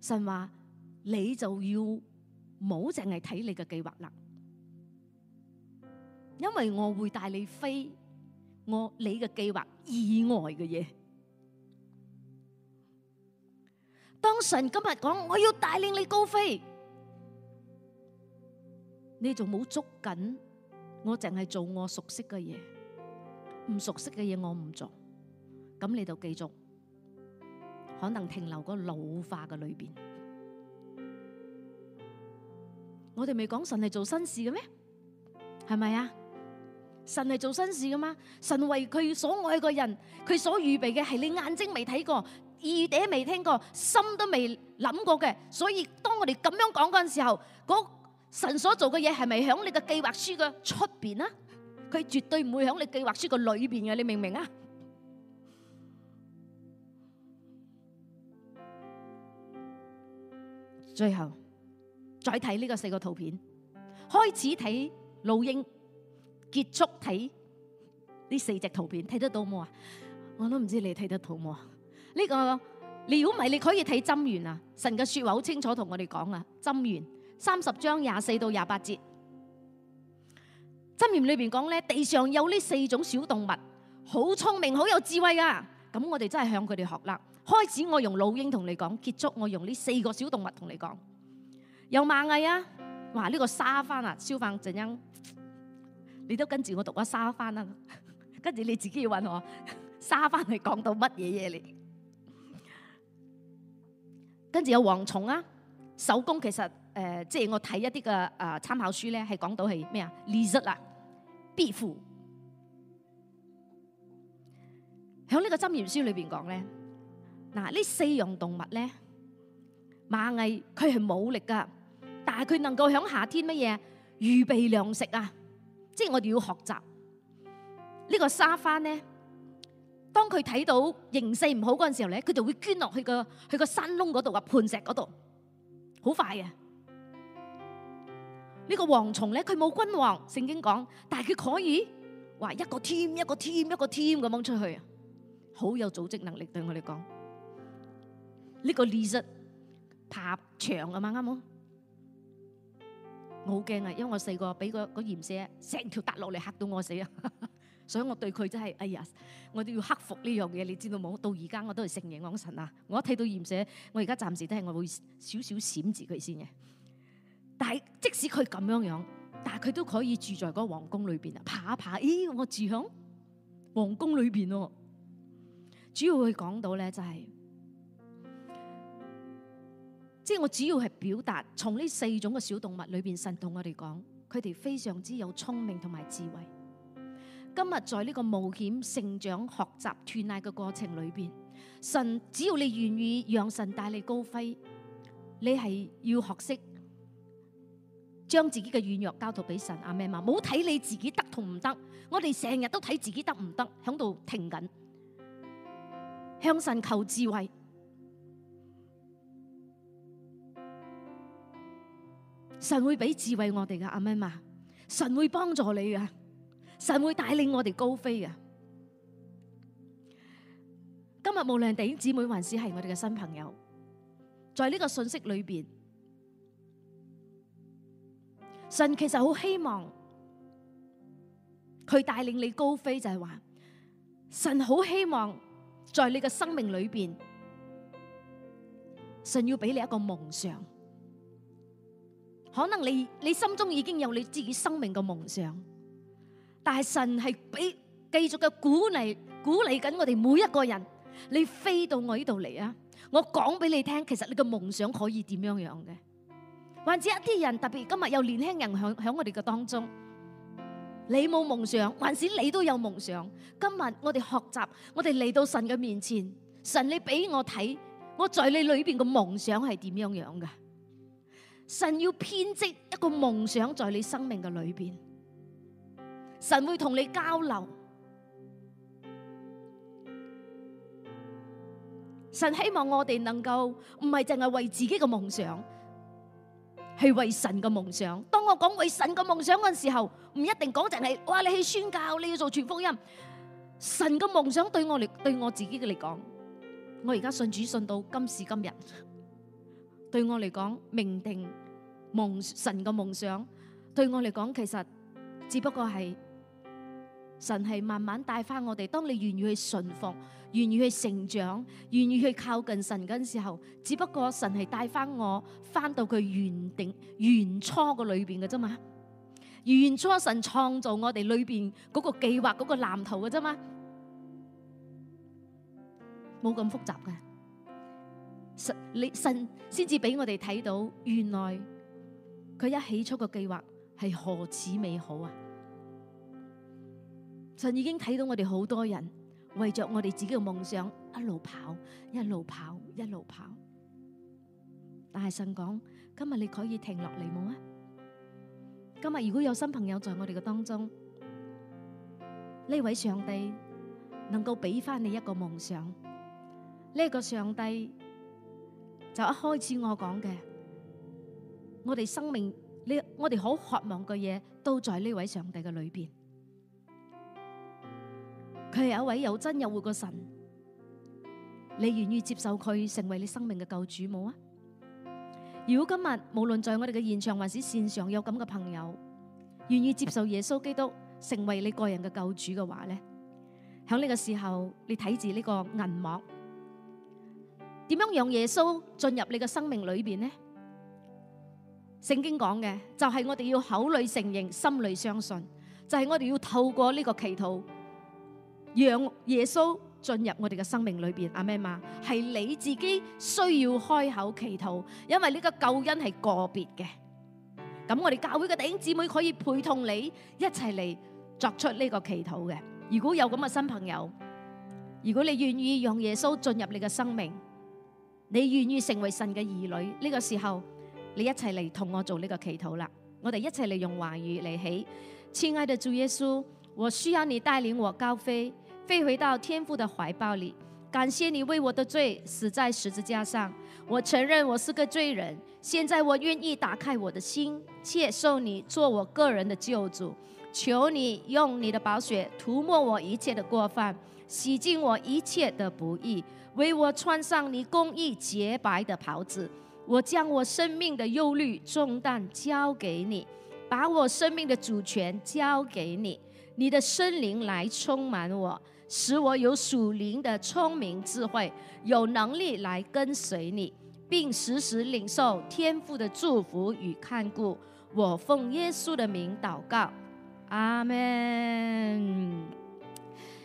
神話你就要唔好淨係睇你嘅計劃啦。因為我會帶你飛，我你嘅計劃意外嘅嘢。當神今日講我要帶領你高飛，你仲冇捉緊，我淨係做我熟悉嘅嘢，唔熟悉嘅嘢我唔做。咁你就繼續，可能停留個老化嘅裏面。我哋未講神係做新事嘅咩？係咪啊？神係做新事噶嗎？神為佢所愛嘅人，佢所預備嘅係你眼睛未睇過，耳朵未聽過，心都未諗過嘅。所以當我哋咁樣講嗰陣時候，嗰神所做嘅嘢係咪響你嘅計劃書嘅出邊啊？佢絕對唔會響你計劃書嘅裏邊嘅，你明唔明啊？最後再睇呢個四個圖片，開始睇老鷹。結束睇呢四隻圖片，睇得到冇啊？我都唔知你睇得到冇啊？呢、這個你如果唔係，你可以睇箴言啊！神嘅說話好清楚同我哋講啊！箴言三十章廿四到廿八節，箴言裏邊講呢：「地上有呢四種小動物，好聰明好有智慧啊！」咁我哋真係向佢哋學啦。開始我用老鷹同你講，結束我用呢四個小動物同你講。有螞蟻啊！哇！呢、這個沙番啊，消防怎樣？陣你都跟住我讀咗沙翻啦，跟住你自己要搵我沙翻係講到乜嘢嘢嚟？跟住有蝗蟲啊，守宮其實誒，即係我睇一啲嘅誒參考書咧，係講到係咩啊？蜥蜴啦，壁虎。響呢個箴言書裏邊講咧，嗱，呢四樣動物咧，螞蟻佢係冇力噶，但係佢能夠響夏天乜嘢啊預備糧食啊？即係我哋要學習呢個沙番咧，當佢睇到形勢唔好嗰陣時候咧，佢就會捐落去個佢個山窿嗰度啊，磐石嗰度，好快嘅。呢個蝗蟲咧，佢冇君王，聖經講，但係佢可以話一個 team 一個 team 一個 team 咁掹出去，好有組織能力。對我哋講，呢個 lizard 拍牆啊嘛啱唔啱？我好驚啊！因為我細個俾個個鹽蛇成條揼落嚟嚇到我死啊！ [LAUGHS] 所以我對佢真係哎呀，我都要克服呢樣嘢，你知道冇？到而家我都係承認，我神啊！我一睇到鹽蛇，我而家暫時都係我會少少閃住佢先嘅。但係即使佢咁樣樣，但係佢都可以住在嗰個皇宮裏邊啊！爬一爬，咦、哎！我住響皇宮裏邊喎。主要佢講到咧就係、是。即係我主要係表達，從呢四種嘅小動物裏邊，神同我哋講，佢哋非常之有聰明同埋智慧。今日在呢個冒險、成長、學習、斷奶嘅過程裏邊，神只要你願意讓神帶你高飛，你係要學識將自己嘅軟弱交託俾神阿咩媽，冇睇你自己得同唔得。我哋成日都睇自己得唔得，響度停緊，向神求智慧。神會俾智慧我哋嘅阿媽嘛，神會幫助你嘅，神會帶領我哋高飛嘅。今日無論弟兄姊妹還是係我哋嘅新朋友，在呢個信息裏邊，神其實好希望佢帶領你高飛，就係話神好希望在你嘅生命裏邊，神要俾你一個夢想。可能你你心中已經有你自己生命嘅夢想，但係神係俾繼續嘅鼓勵鼓勵緊我哋每一個人。你飛到我呢度嚟啊！我講俾你聽，其實你嘅夢想可以點樣樣嘅？或者一啲人特別今日有年輕人響響我哋嘅當中，你冇夢想，還是你都有夢想？今日我哋學習，我哋嚟到神嘅面前，神你俾我睇，我在你裏邊嘅夢想係點樣樣嘅？神要編織一個夢想在你生命嘅裏邊，神會同你交流。神希望我哋能夠唔係淨係為自己嘅夢想，係為神嘅夢想。當我講為神嘅夢想嗰陣時候，唔一定講淨係哇你去宣教，你要做全福音。神嘅夢想對我嚟，對我自己嘅嚟講，我而家信主信到今時今日，對我嚟講，命定。夢神嘅夢想，對我嚟講，其實只不過係神係慢慢帶翻我哋。當你願意去順服、願意去成長、願意去靠近神嗰陣時候，只不過神係帶翻我翻到佢原定、原初個裏邊嘅啫嘛。原初神創造我哋裏邊嗰個計劃、嗰個藍圖嘅啫嘛，冇咁複雜嘅。神你神先至俾我哋睇到，原來。佢一起初嘅計劃係何此美好啊！神已經睇到我哋好多人為着我哋自己嘅夢想一路跑，一路跑，一路跑。但係神講：今日你可以停落嚟冇啊！今日如果有新朋友在我哋嘅當中，呢位上帝能夠俾翻你一個夢想，呢、這個上帝就一開始我講嘅。我哋生命呢，我哋好渴望嘅嘢都在呢位上帝嘅裏邊。佢係一位又真又活嘅神。你願意接受佢成為你生命嘅救主冇啊？如果今日無論在我哋嘅現場還是線上有咁嘅朋友願意接受耶穌基督成為你個人嘅救主嘅話咧，喺呢個時候你睇住呢個銀幕，點樣讓耶穌進入你嘅生命裏邊呢？聖經講嘅就係我哋要口裏承認，心裏相信，就係我哋要透過呢個祈禱，讓耶穌進入我哋嘅生命裏邊。阿咩媽，係你自己需要開口祈禱，因為呢個救恩係個別嘅。咁我哋教會嘅弟兄姊妹可以陪同你一齊嚟作出呢個祈禱嘅。如果有咁嘅新朋友，如果你願意讓耶穌進入你嘅生命，你願意成為神嘅兒女，呢個時候。你一齊嚟同我做呢個祈禱啦！我哋一齊嚟用話語嚟起，親愛的主耶穌，我需要你帶領我高飛，飛回到天父的懷抱裏。感謝你為我的罪死在十字架上，我承認我是個罪人，現在我願意打開我的心，接受你做我個人的救主。求你用你的寶血塗抹我一切的過犯，洗淨我一切的不義。為我穿上你公義潔白的袍子。我將我生命的憂慮重擔交給你，把我生命的主權交給你，你的聖靈來充滿我，使我有屬靈的聰明智慧，有能力來跟隨你，並時時領受天父的祝福與看顧。我奉耶穌的名禱告，阿門。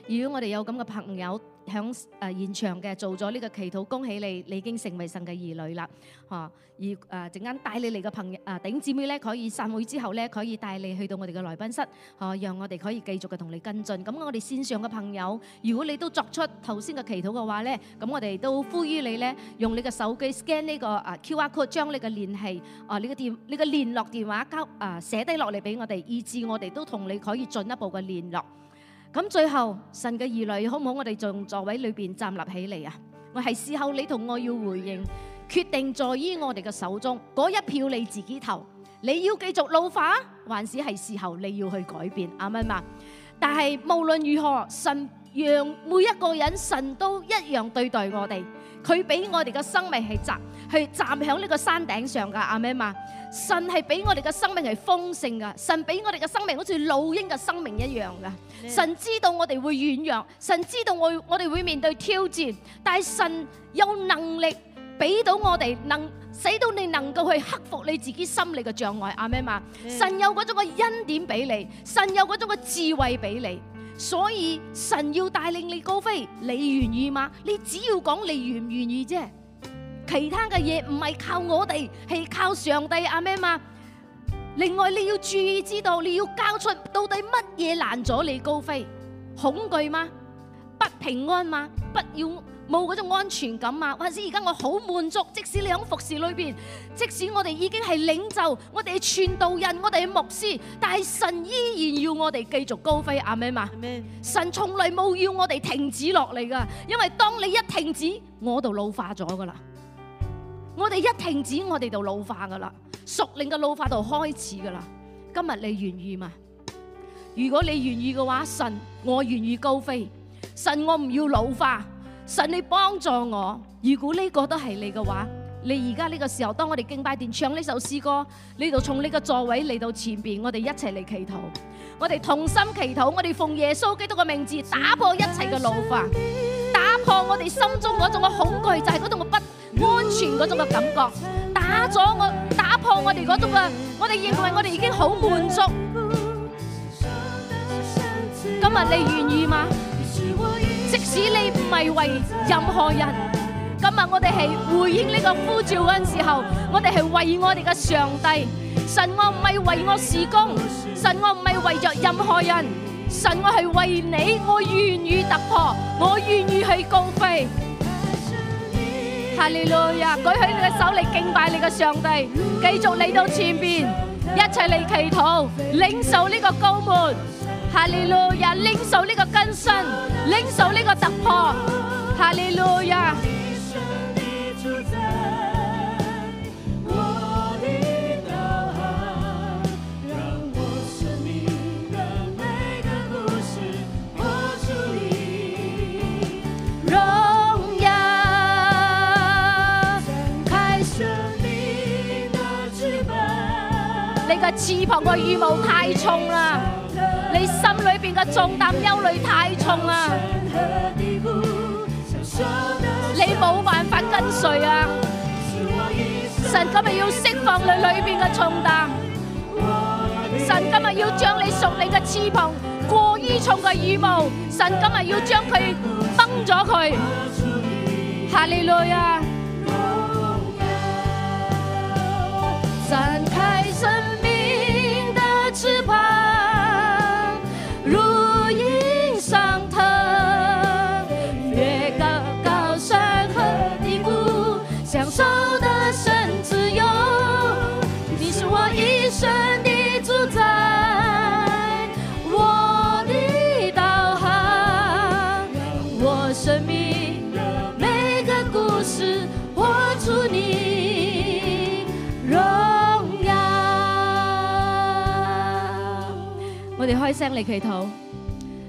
如果我哋有咁嘅朋友。響誒現場嘅做咗呢個祈禱，恭喜你，你已經成為神嘅兒女啦！嚇，而誒陣間帶你嚟嘅朋友啊，頂姊妹咧，可以散會之後咧，可以帶你去到我哋嘅來賓室，嚇，讓我哋可以繼續嘅同你跟進。咁我哋線上嘅朋友，如果你都作出頭先嘅祈禱嘅話咧，咁我哋都呼籲你咧，用你嘅手機 scan 呢個啊 QR Code，將你嘅聯繫啊，你嘅電你嘅聯絡電話交啊寫低落嚟畀我哋，以至我哋都同你可以進一步嘅聯絡。咁最後，神嘅兒女好唔好？我哋從座位裏邊站立起嚟啊！我係事後你同我要回應，決定在於我哋嘅手中，嗰一票你自己投。你要繼續老化，還是係事後你要去改變？啱唔啱？但係無論如何，神讓每一個人，神都一樣對待我哋。佢俾我哋嘅生命係站，係站響呢個山頂上噶，阿咩嘛，神係俾我哋嘅生命係豐盛噶，神俾我哋嘅生命好似老鷹嘅生命一樣噶，明白神知道我哋會軟弱，神知道我我哋會面對挑戰，但係神有能力俾到我哋，能使到你能夠去克服你自己心理嘅障礙，阿咩嘛，明白神有嗰種嘅恩典俾你，神有嗰種嘅智慧俾你。所以神要帶領你高飛，你願意嗎？你只要講你願唔願意啫，其他嘅嘢唔係靠我哋，係靠上帝阿們嘛？另外你要注意知道，你要交出到底乜嘢難阻你高飛？恐懼嗎？不平安嗎？不要。冇嗰種安全感嘛？還是而家我好滿足？即使你喺服侍裏邊，即使我哋已經係領袖，我哋係傳道人，我哋係牧師，但係神依然要我哋繼續高飛。阿咩嘛，明白。神從來冇要我哋停止落嚟噶。因為當你一停止，我就老化咗噶啦。我哋一停止，我哋就老化噶啦。屬靈嘅老化就開始噶啦。今日你願意嘛？如果你願意嘅話，神，我願意高飛。神，我唔要老化。神，你幫助我。如果呢個都係你嘅話，你而家呢個時候，當我哋敬拜殿唱呢首詩歌，你就從呢個座位嚟到前邊，我哋一齊嚟祈禱。我哋同心祈禱，我哋奉耶穌基督嘅名字，打破一切嘅老化，打破我哋心中嗰種嘅恐懼，就係嗰種嘅不安全嗰種嘅感覺，打咗我，打破我哋嗰種嘅，我哋認為我哋已經好滿足。今日你願意嗎？即使你唔係為任何人，今日我哋係回應呢個呼召嗰陣時候，我哋係為我哋嘅上帝。神，我唔係為我事工，神，我唔係為着任何人，神，我係為你。我願意突破，我願意去高飛。哈利路亞！舉起你嘅手嚟敬拜你嘅上帝，繼續嚟到前面，一齊嚟祈禱，領受呢個高門。哈利路亞，領受呢個更新，領受呢個突破。哈利路亞。你個翅膀個羽毛太重啦。你心裏邊嘅重擔憂慮太重啊！你冇辦法跟隨啊！神今日要釋放你裏邊嘅重擔，神今日要將你屬你嘅翅膀過於重嘅羽毛，神今日要將佢崩咗佢。哈利路亞！啊！神聲嚟祈禱，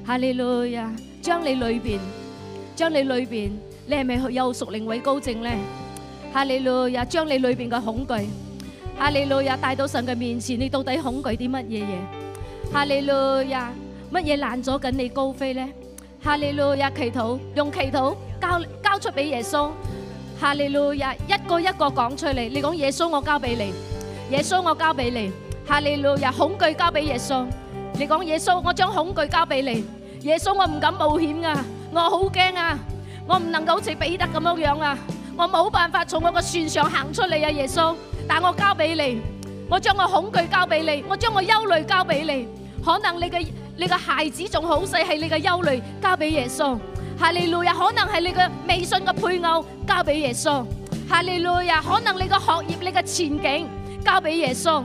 哈利路亞，將你裏邊，將你裏邊，你係咪有屬靈位高正咧？哈利路亞，將你裏邊嘅恐懼，哈利路亞帶到神嘅面前。你到底恐懼啲乜嘢嘢？哈利路亞，乜嘢攔阻緊你高飛咧？哈利路亞，祈禱用祈禱交交出俾耶穌。哈利路亞，一個一個講出嚟，你講耶穌，我交俾你，耶穌我交俾你。哈利路亞，恐懼交俾耶穌。你講耶穌，我將恐懼交俾你。耶穌，我唔敢冒險噶，我好驚啊，我唔能夠好似彼得咁樣樣啊，我冇辦法從我個船上行出嚟啊，耶穌。但我交俾你，我將我恐懼交俾你，我將我憂慮交俾你。可能你嘅你嘅孩子仲好細，係你嘅憂慮交俾耶穌。哈利路亞，可能係你嘅未信嘅配偶交俾耶穌。哈利路亞，可能你嘅學業、你嘅前景交俾耶穌。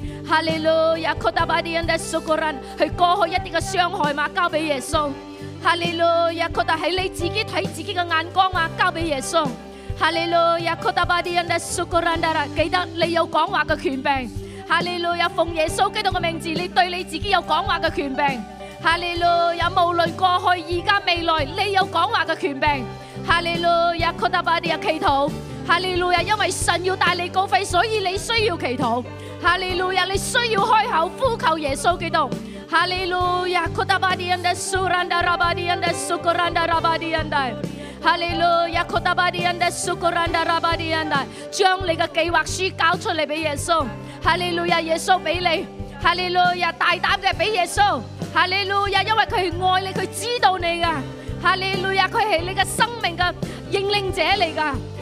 哈利路亞，確得把啲人 r 受過 n 去過去一啲嘅傷害嘛，交俾耶穌。哈利路亞，確得喺你自己睇自己嘅眼光嘛，交俾耶穌。哈利路亞，確得把啲人嘅受 r 人得 n 記得你有講話嘅權柄。哈利路亞，奉耶穌基督嘅名字，你對你自己有講話嘅權柄。哈利路亞，無論過去、而家、未來，你有講話嘅權柄。哈利路亞，確得把啲人祈禱。哈利路亞，ya, 因為神要帶你高飛，所以你需要祈禱。哈利路亞，你需要開口呼求耶穌基督。哈利路亞，佢答，我哋應得，蘇蘭達，我哋應得，蘇克蘭達，我哋應得。哈利路亞，佢答，我哋應得，蘇克蘭達，我哋應得。將你嘅計劃書交出嚟俾耶穌。哈利路亞，耶穌俾你。哈利路亞，大膽嘅俾耶穌。哈利路亞，因為佢係愛你，佢知道你㗎。哈利路亞，佢係你嘅生命嘅引領者嚟㗎。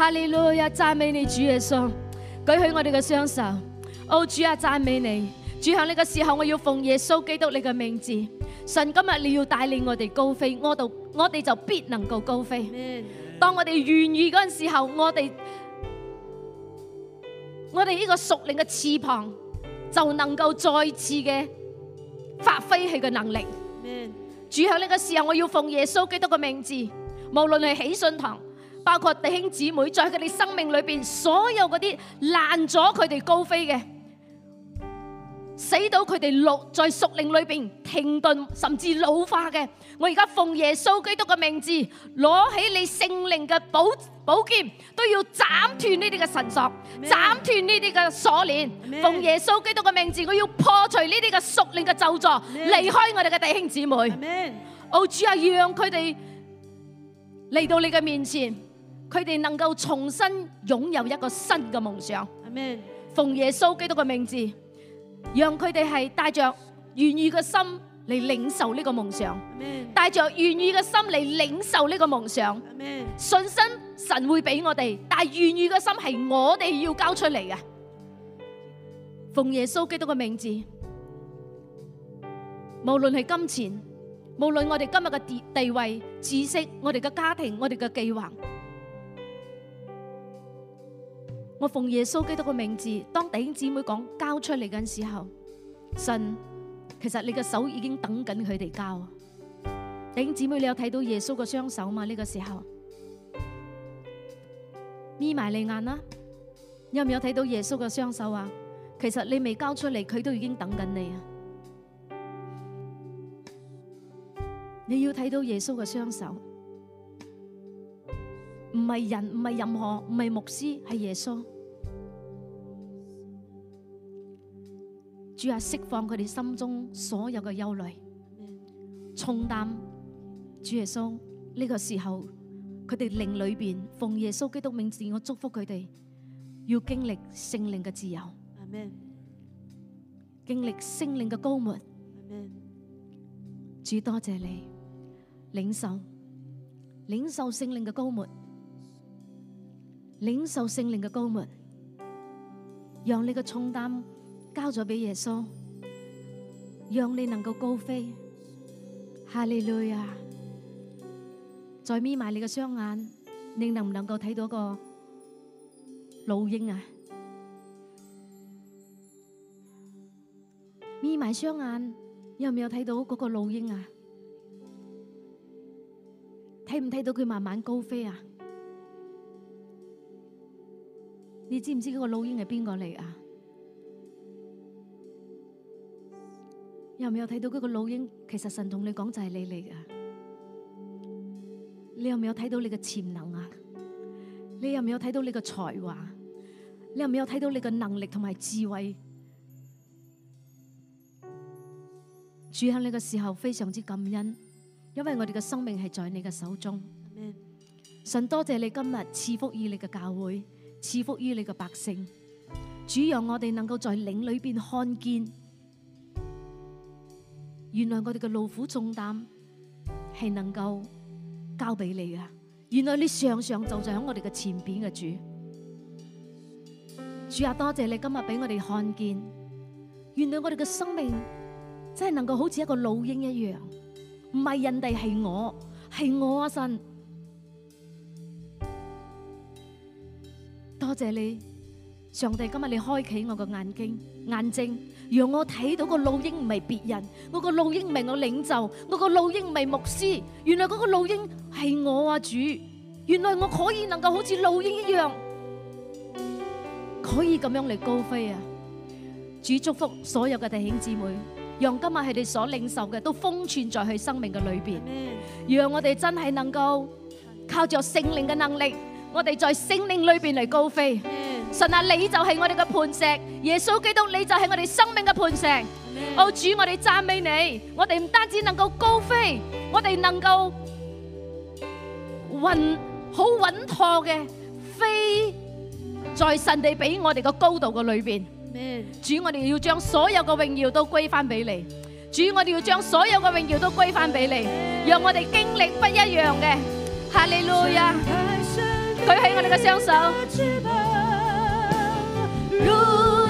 哈利路亞，讚美你主耶穌，舉起我哋嘅雙手。哦，主啊，讚美你！主喺呢個時候，我要奉耶穌基督你嘅名字。神今日你要帶領我哋高飛，我度我哋就必能夠高飛。當我哋願意嗰陣時候，我哋我哋呢個屬靈嘅翅膀就能夠再次嘅發揮佢嘅能力。主喺呢個時候，我要奉耶穌基督嘅名字，無論係喜信堂。包括弟兄姊妹，在佢哋生命裏邊，所有嗰啲爛咗佢哋高飛嘅，死到佢哋落在屬靈裏邊停頓，甚至老化嘅，我而家奉耶穌基督嘅名字，攞起你聖靈嘅寶寶劍，都要斬斷呢啲嘅神索，斬 Amen. 斷呢啲嘅鎖鏈。Amen. 奉耶穌基督嘅名字，我要破除呢啲嘅屬靈嘅咒詛，Amen. 離開我哋嘅弟兄姊妹。Amen. 哦、主啊，讓佢哋嚟到你嘅面前。佢哋能夠重新擁有一個新嘅夢想。Amen。奉耶穌基督嘅名字，讓佢哋係帶着願意嘅心嚟領受呢個夢想。Amen。帶着願意嘅心嚟領受呢個夢想。Amen。信心神會俾我哋，但係願意嘅心係我哋要交出嚟嘅。奉耶穌基督嘅名字，無論係金錢，無論我哋今日嘅地地位、知識、我哋嘅家庭、我哋嘅計劃。我奉耶穌基督嘅名字，當弟兄姊妹講交出嚟嗰陣時候，神，其實你嘅手已經等緊佢哋交。弟兄姊妹，你有睇到耶穌嘅雙手嘛？呢、這個時候眯埋你眼啦，你有唔有睇到耶穌嘅雙手啊？其實你未交出嚟，佢都已經等緊你啊！你要睇到耶穌嘅雙手。唔係人，唔係任何，唔係牧師，係耶穌。主啊，釋放佢哋心中所有嘅憂慮，重擔，主耶穌呢個時候佢哋靈裏邊，奉耶穌基督名字，我祝福佢哋要經歷聖靈嘅自由。阿門。經歷聖靈嘅膏抹。阿門。主多謝你，領受領受聖靈嘅膏抹。領受聖靈嘅膏抹，讓你嘅重擔交咗俾耶穌，讓你能夠高飛。哈利路亞！再眯埋你嘅雙眼，你能唔能夠睇到個老鷹啊？眯埋雙眼，有唔有睇到嗰個老鷹啊？睇唔睇到佢慢慢高飛啊？你知唔知嗰個老鷹係邊個嚟啊？有冇有睇到嗰個老鷹？其實神同你講就係你嚟噶。你有冇有睇到你嘅潛能啊？你有冇有睇到你嘅才華？你有冇有睇到你嘅能力同埋智慧？主，喺你嘅時候非常之感恩，因為我哋嘅生命係在你嘅手中。神多謝你今日賜福於你嘅教會。賜福於你嘅百姓，主讓我哋能夠在嶺裏邊看見，原來我哋嘅勞苦重擔係能夠交俾你啊！原來你常常就在喺我哋嘅前邊嘅主，主啊，多謝你今日俾我哋看見，原來我哋嘅生命真係能夠好似一個老鷹一樣，唔係人哋係我，係我阿神！多謝你，上帝，今日你開啟我個眼睛、眼睛，讓我睇到個老鷹唔係別人，我個老鷹唔係我領袖，我個老鷹唔係牧師，原來嗰個老鷹係我啊主，原來我可以能夠好似老鷹一樣，可以咁樣嚟高飛啊！主祝福所有嘅弟兄姊妹，讓今日係你所領受嘅都封存在佢生命嘅裏邊，讓我哋真係能夠靠著聖靈嘅能力。我哋在聖靈裡邊嚟高飛，神啊，你就係我哋嘅磐石，耶穌基督，你就係我哋生命嘅磐石。哦主，我哋讚美你，我哋唔單止能夠高飛，我哋能夠運好穩妥嘅飛在神地俾我哋嘅高度嘅裡邊。主，我哋要將所有嘅榮耀都歸翻俾你。主，我哋要將所有嘅榮耀都歸翻俾你，讓我哋經歷不一樣嘅。哈利路亞。舉起我哋嘅雙手。 [NOISE]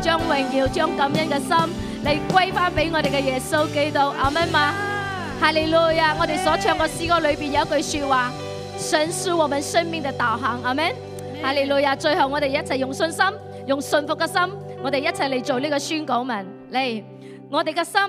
將榮耀、將感恩嘅心嚟歸翻俾我哋嘅耶穌基督，阿門嘛！哈利路亞！我哋所唱嘅詩歌裏面有一句說話，神是我們生命嘅導航，阿門！哈利路亞！最後我哋一齊用信心、用信服嘅心，我哋一齊嚟做呢個宣告文嚟。我哋嘅心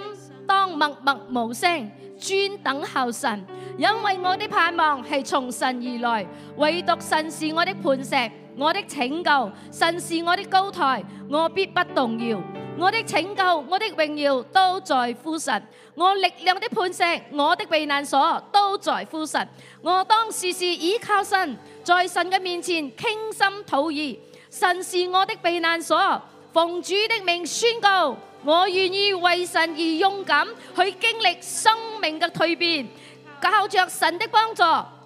當默默無聲，專等候神，因為我的盼望係從神而來，唯獨神是我的磐石。我的拯救，神是我的高台，我必不動搖。我的拯救，我的榮耀都在乎神。我力量的磐石，我的避難所都在乎神。我當時時倚靠神，在神嘅面前傾心吐意。神是我的避難所，奉主的命宣告，我願意為神而勇敢去經歷生命嘅蛻變，靠着神的幫助。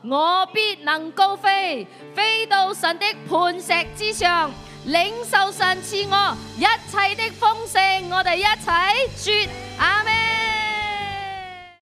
我必能高飛，飛到神的磐石之上，領受神賜我一切的豐盛。我哋一齊說阿門。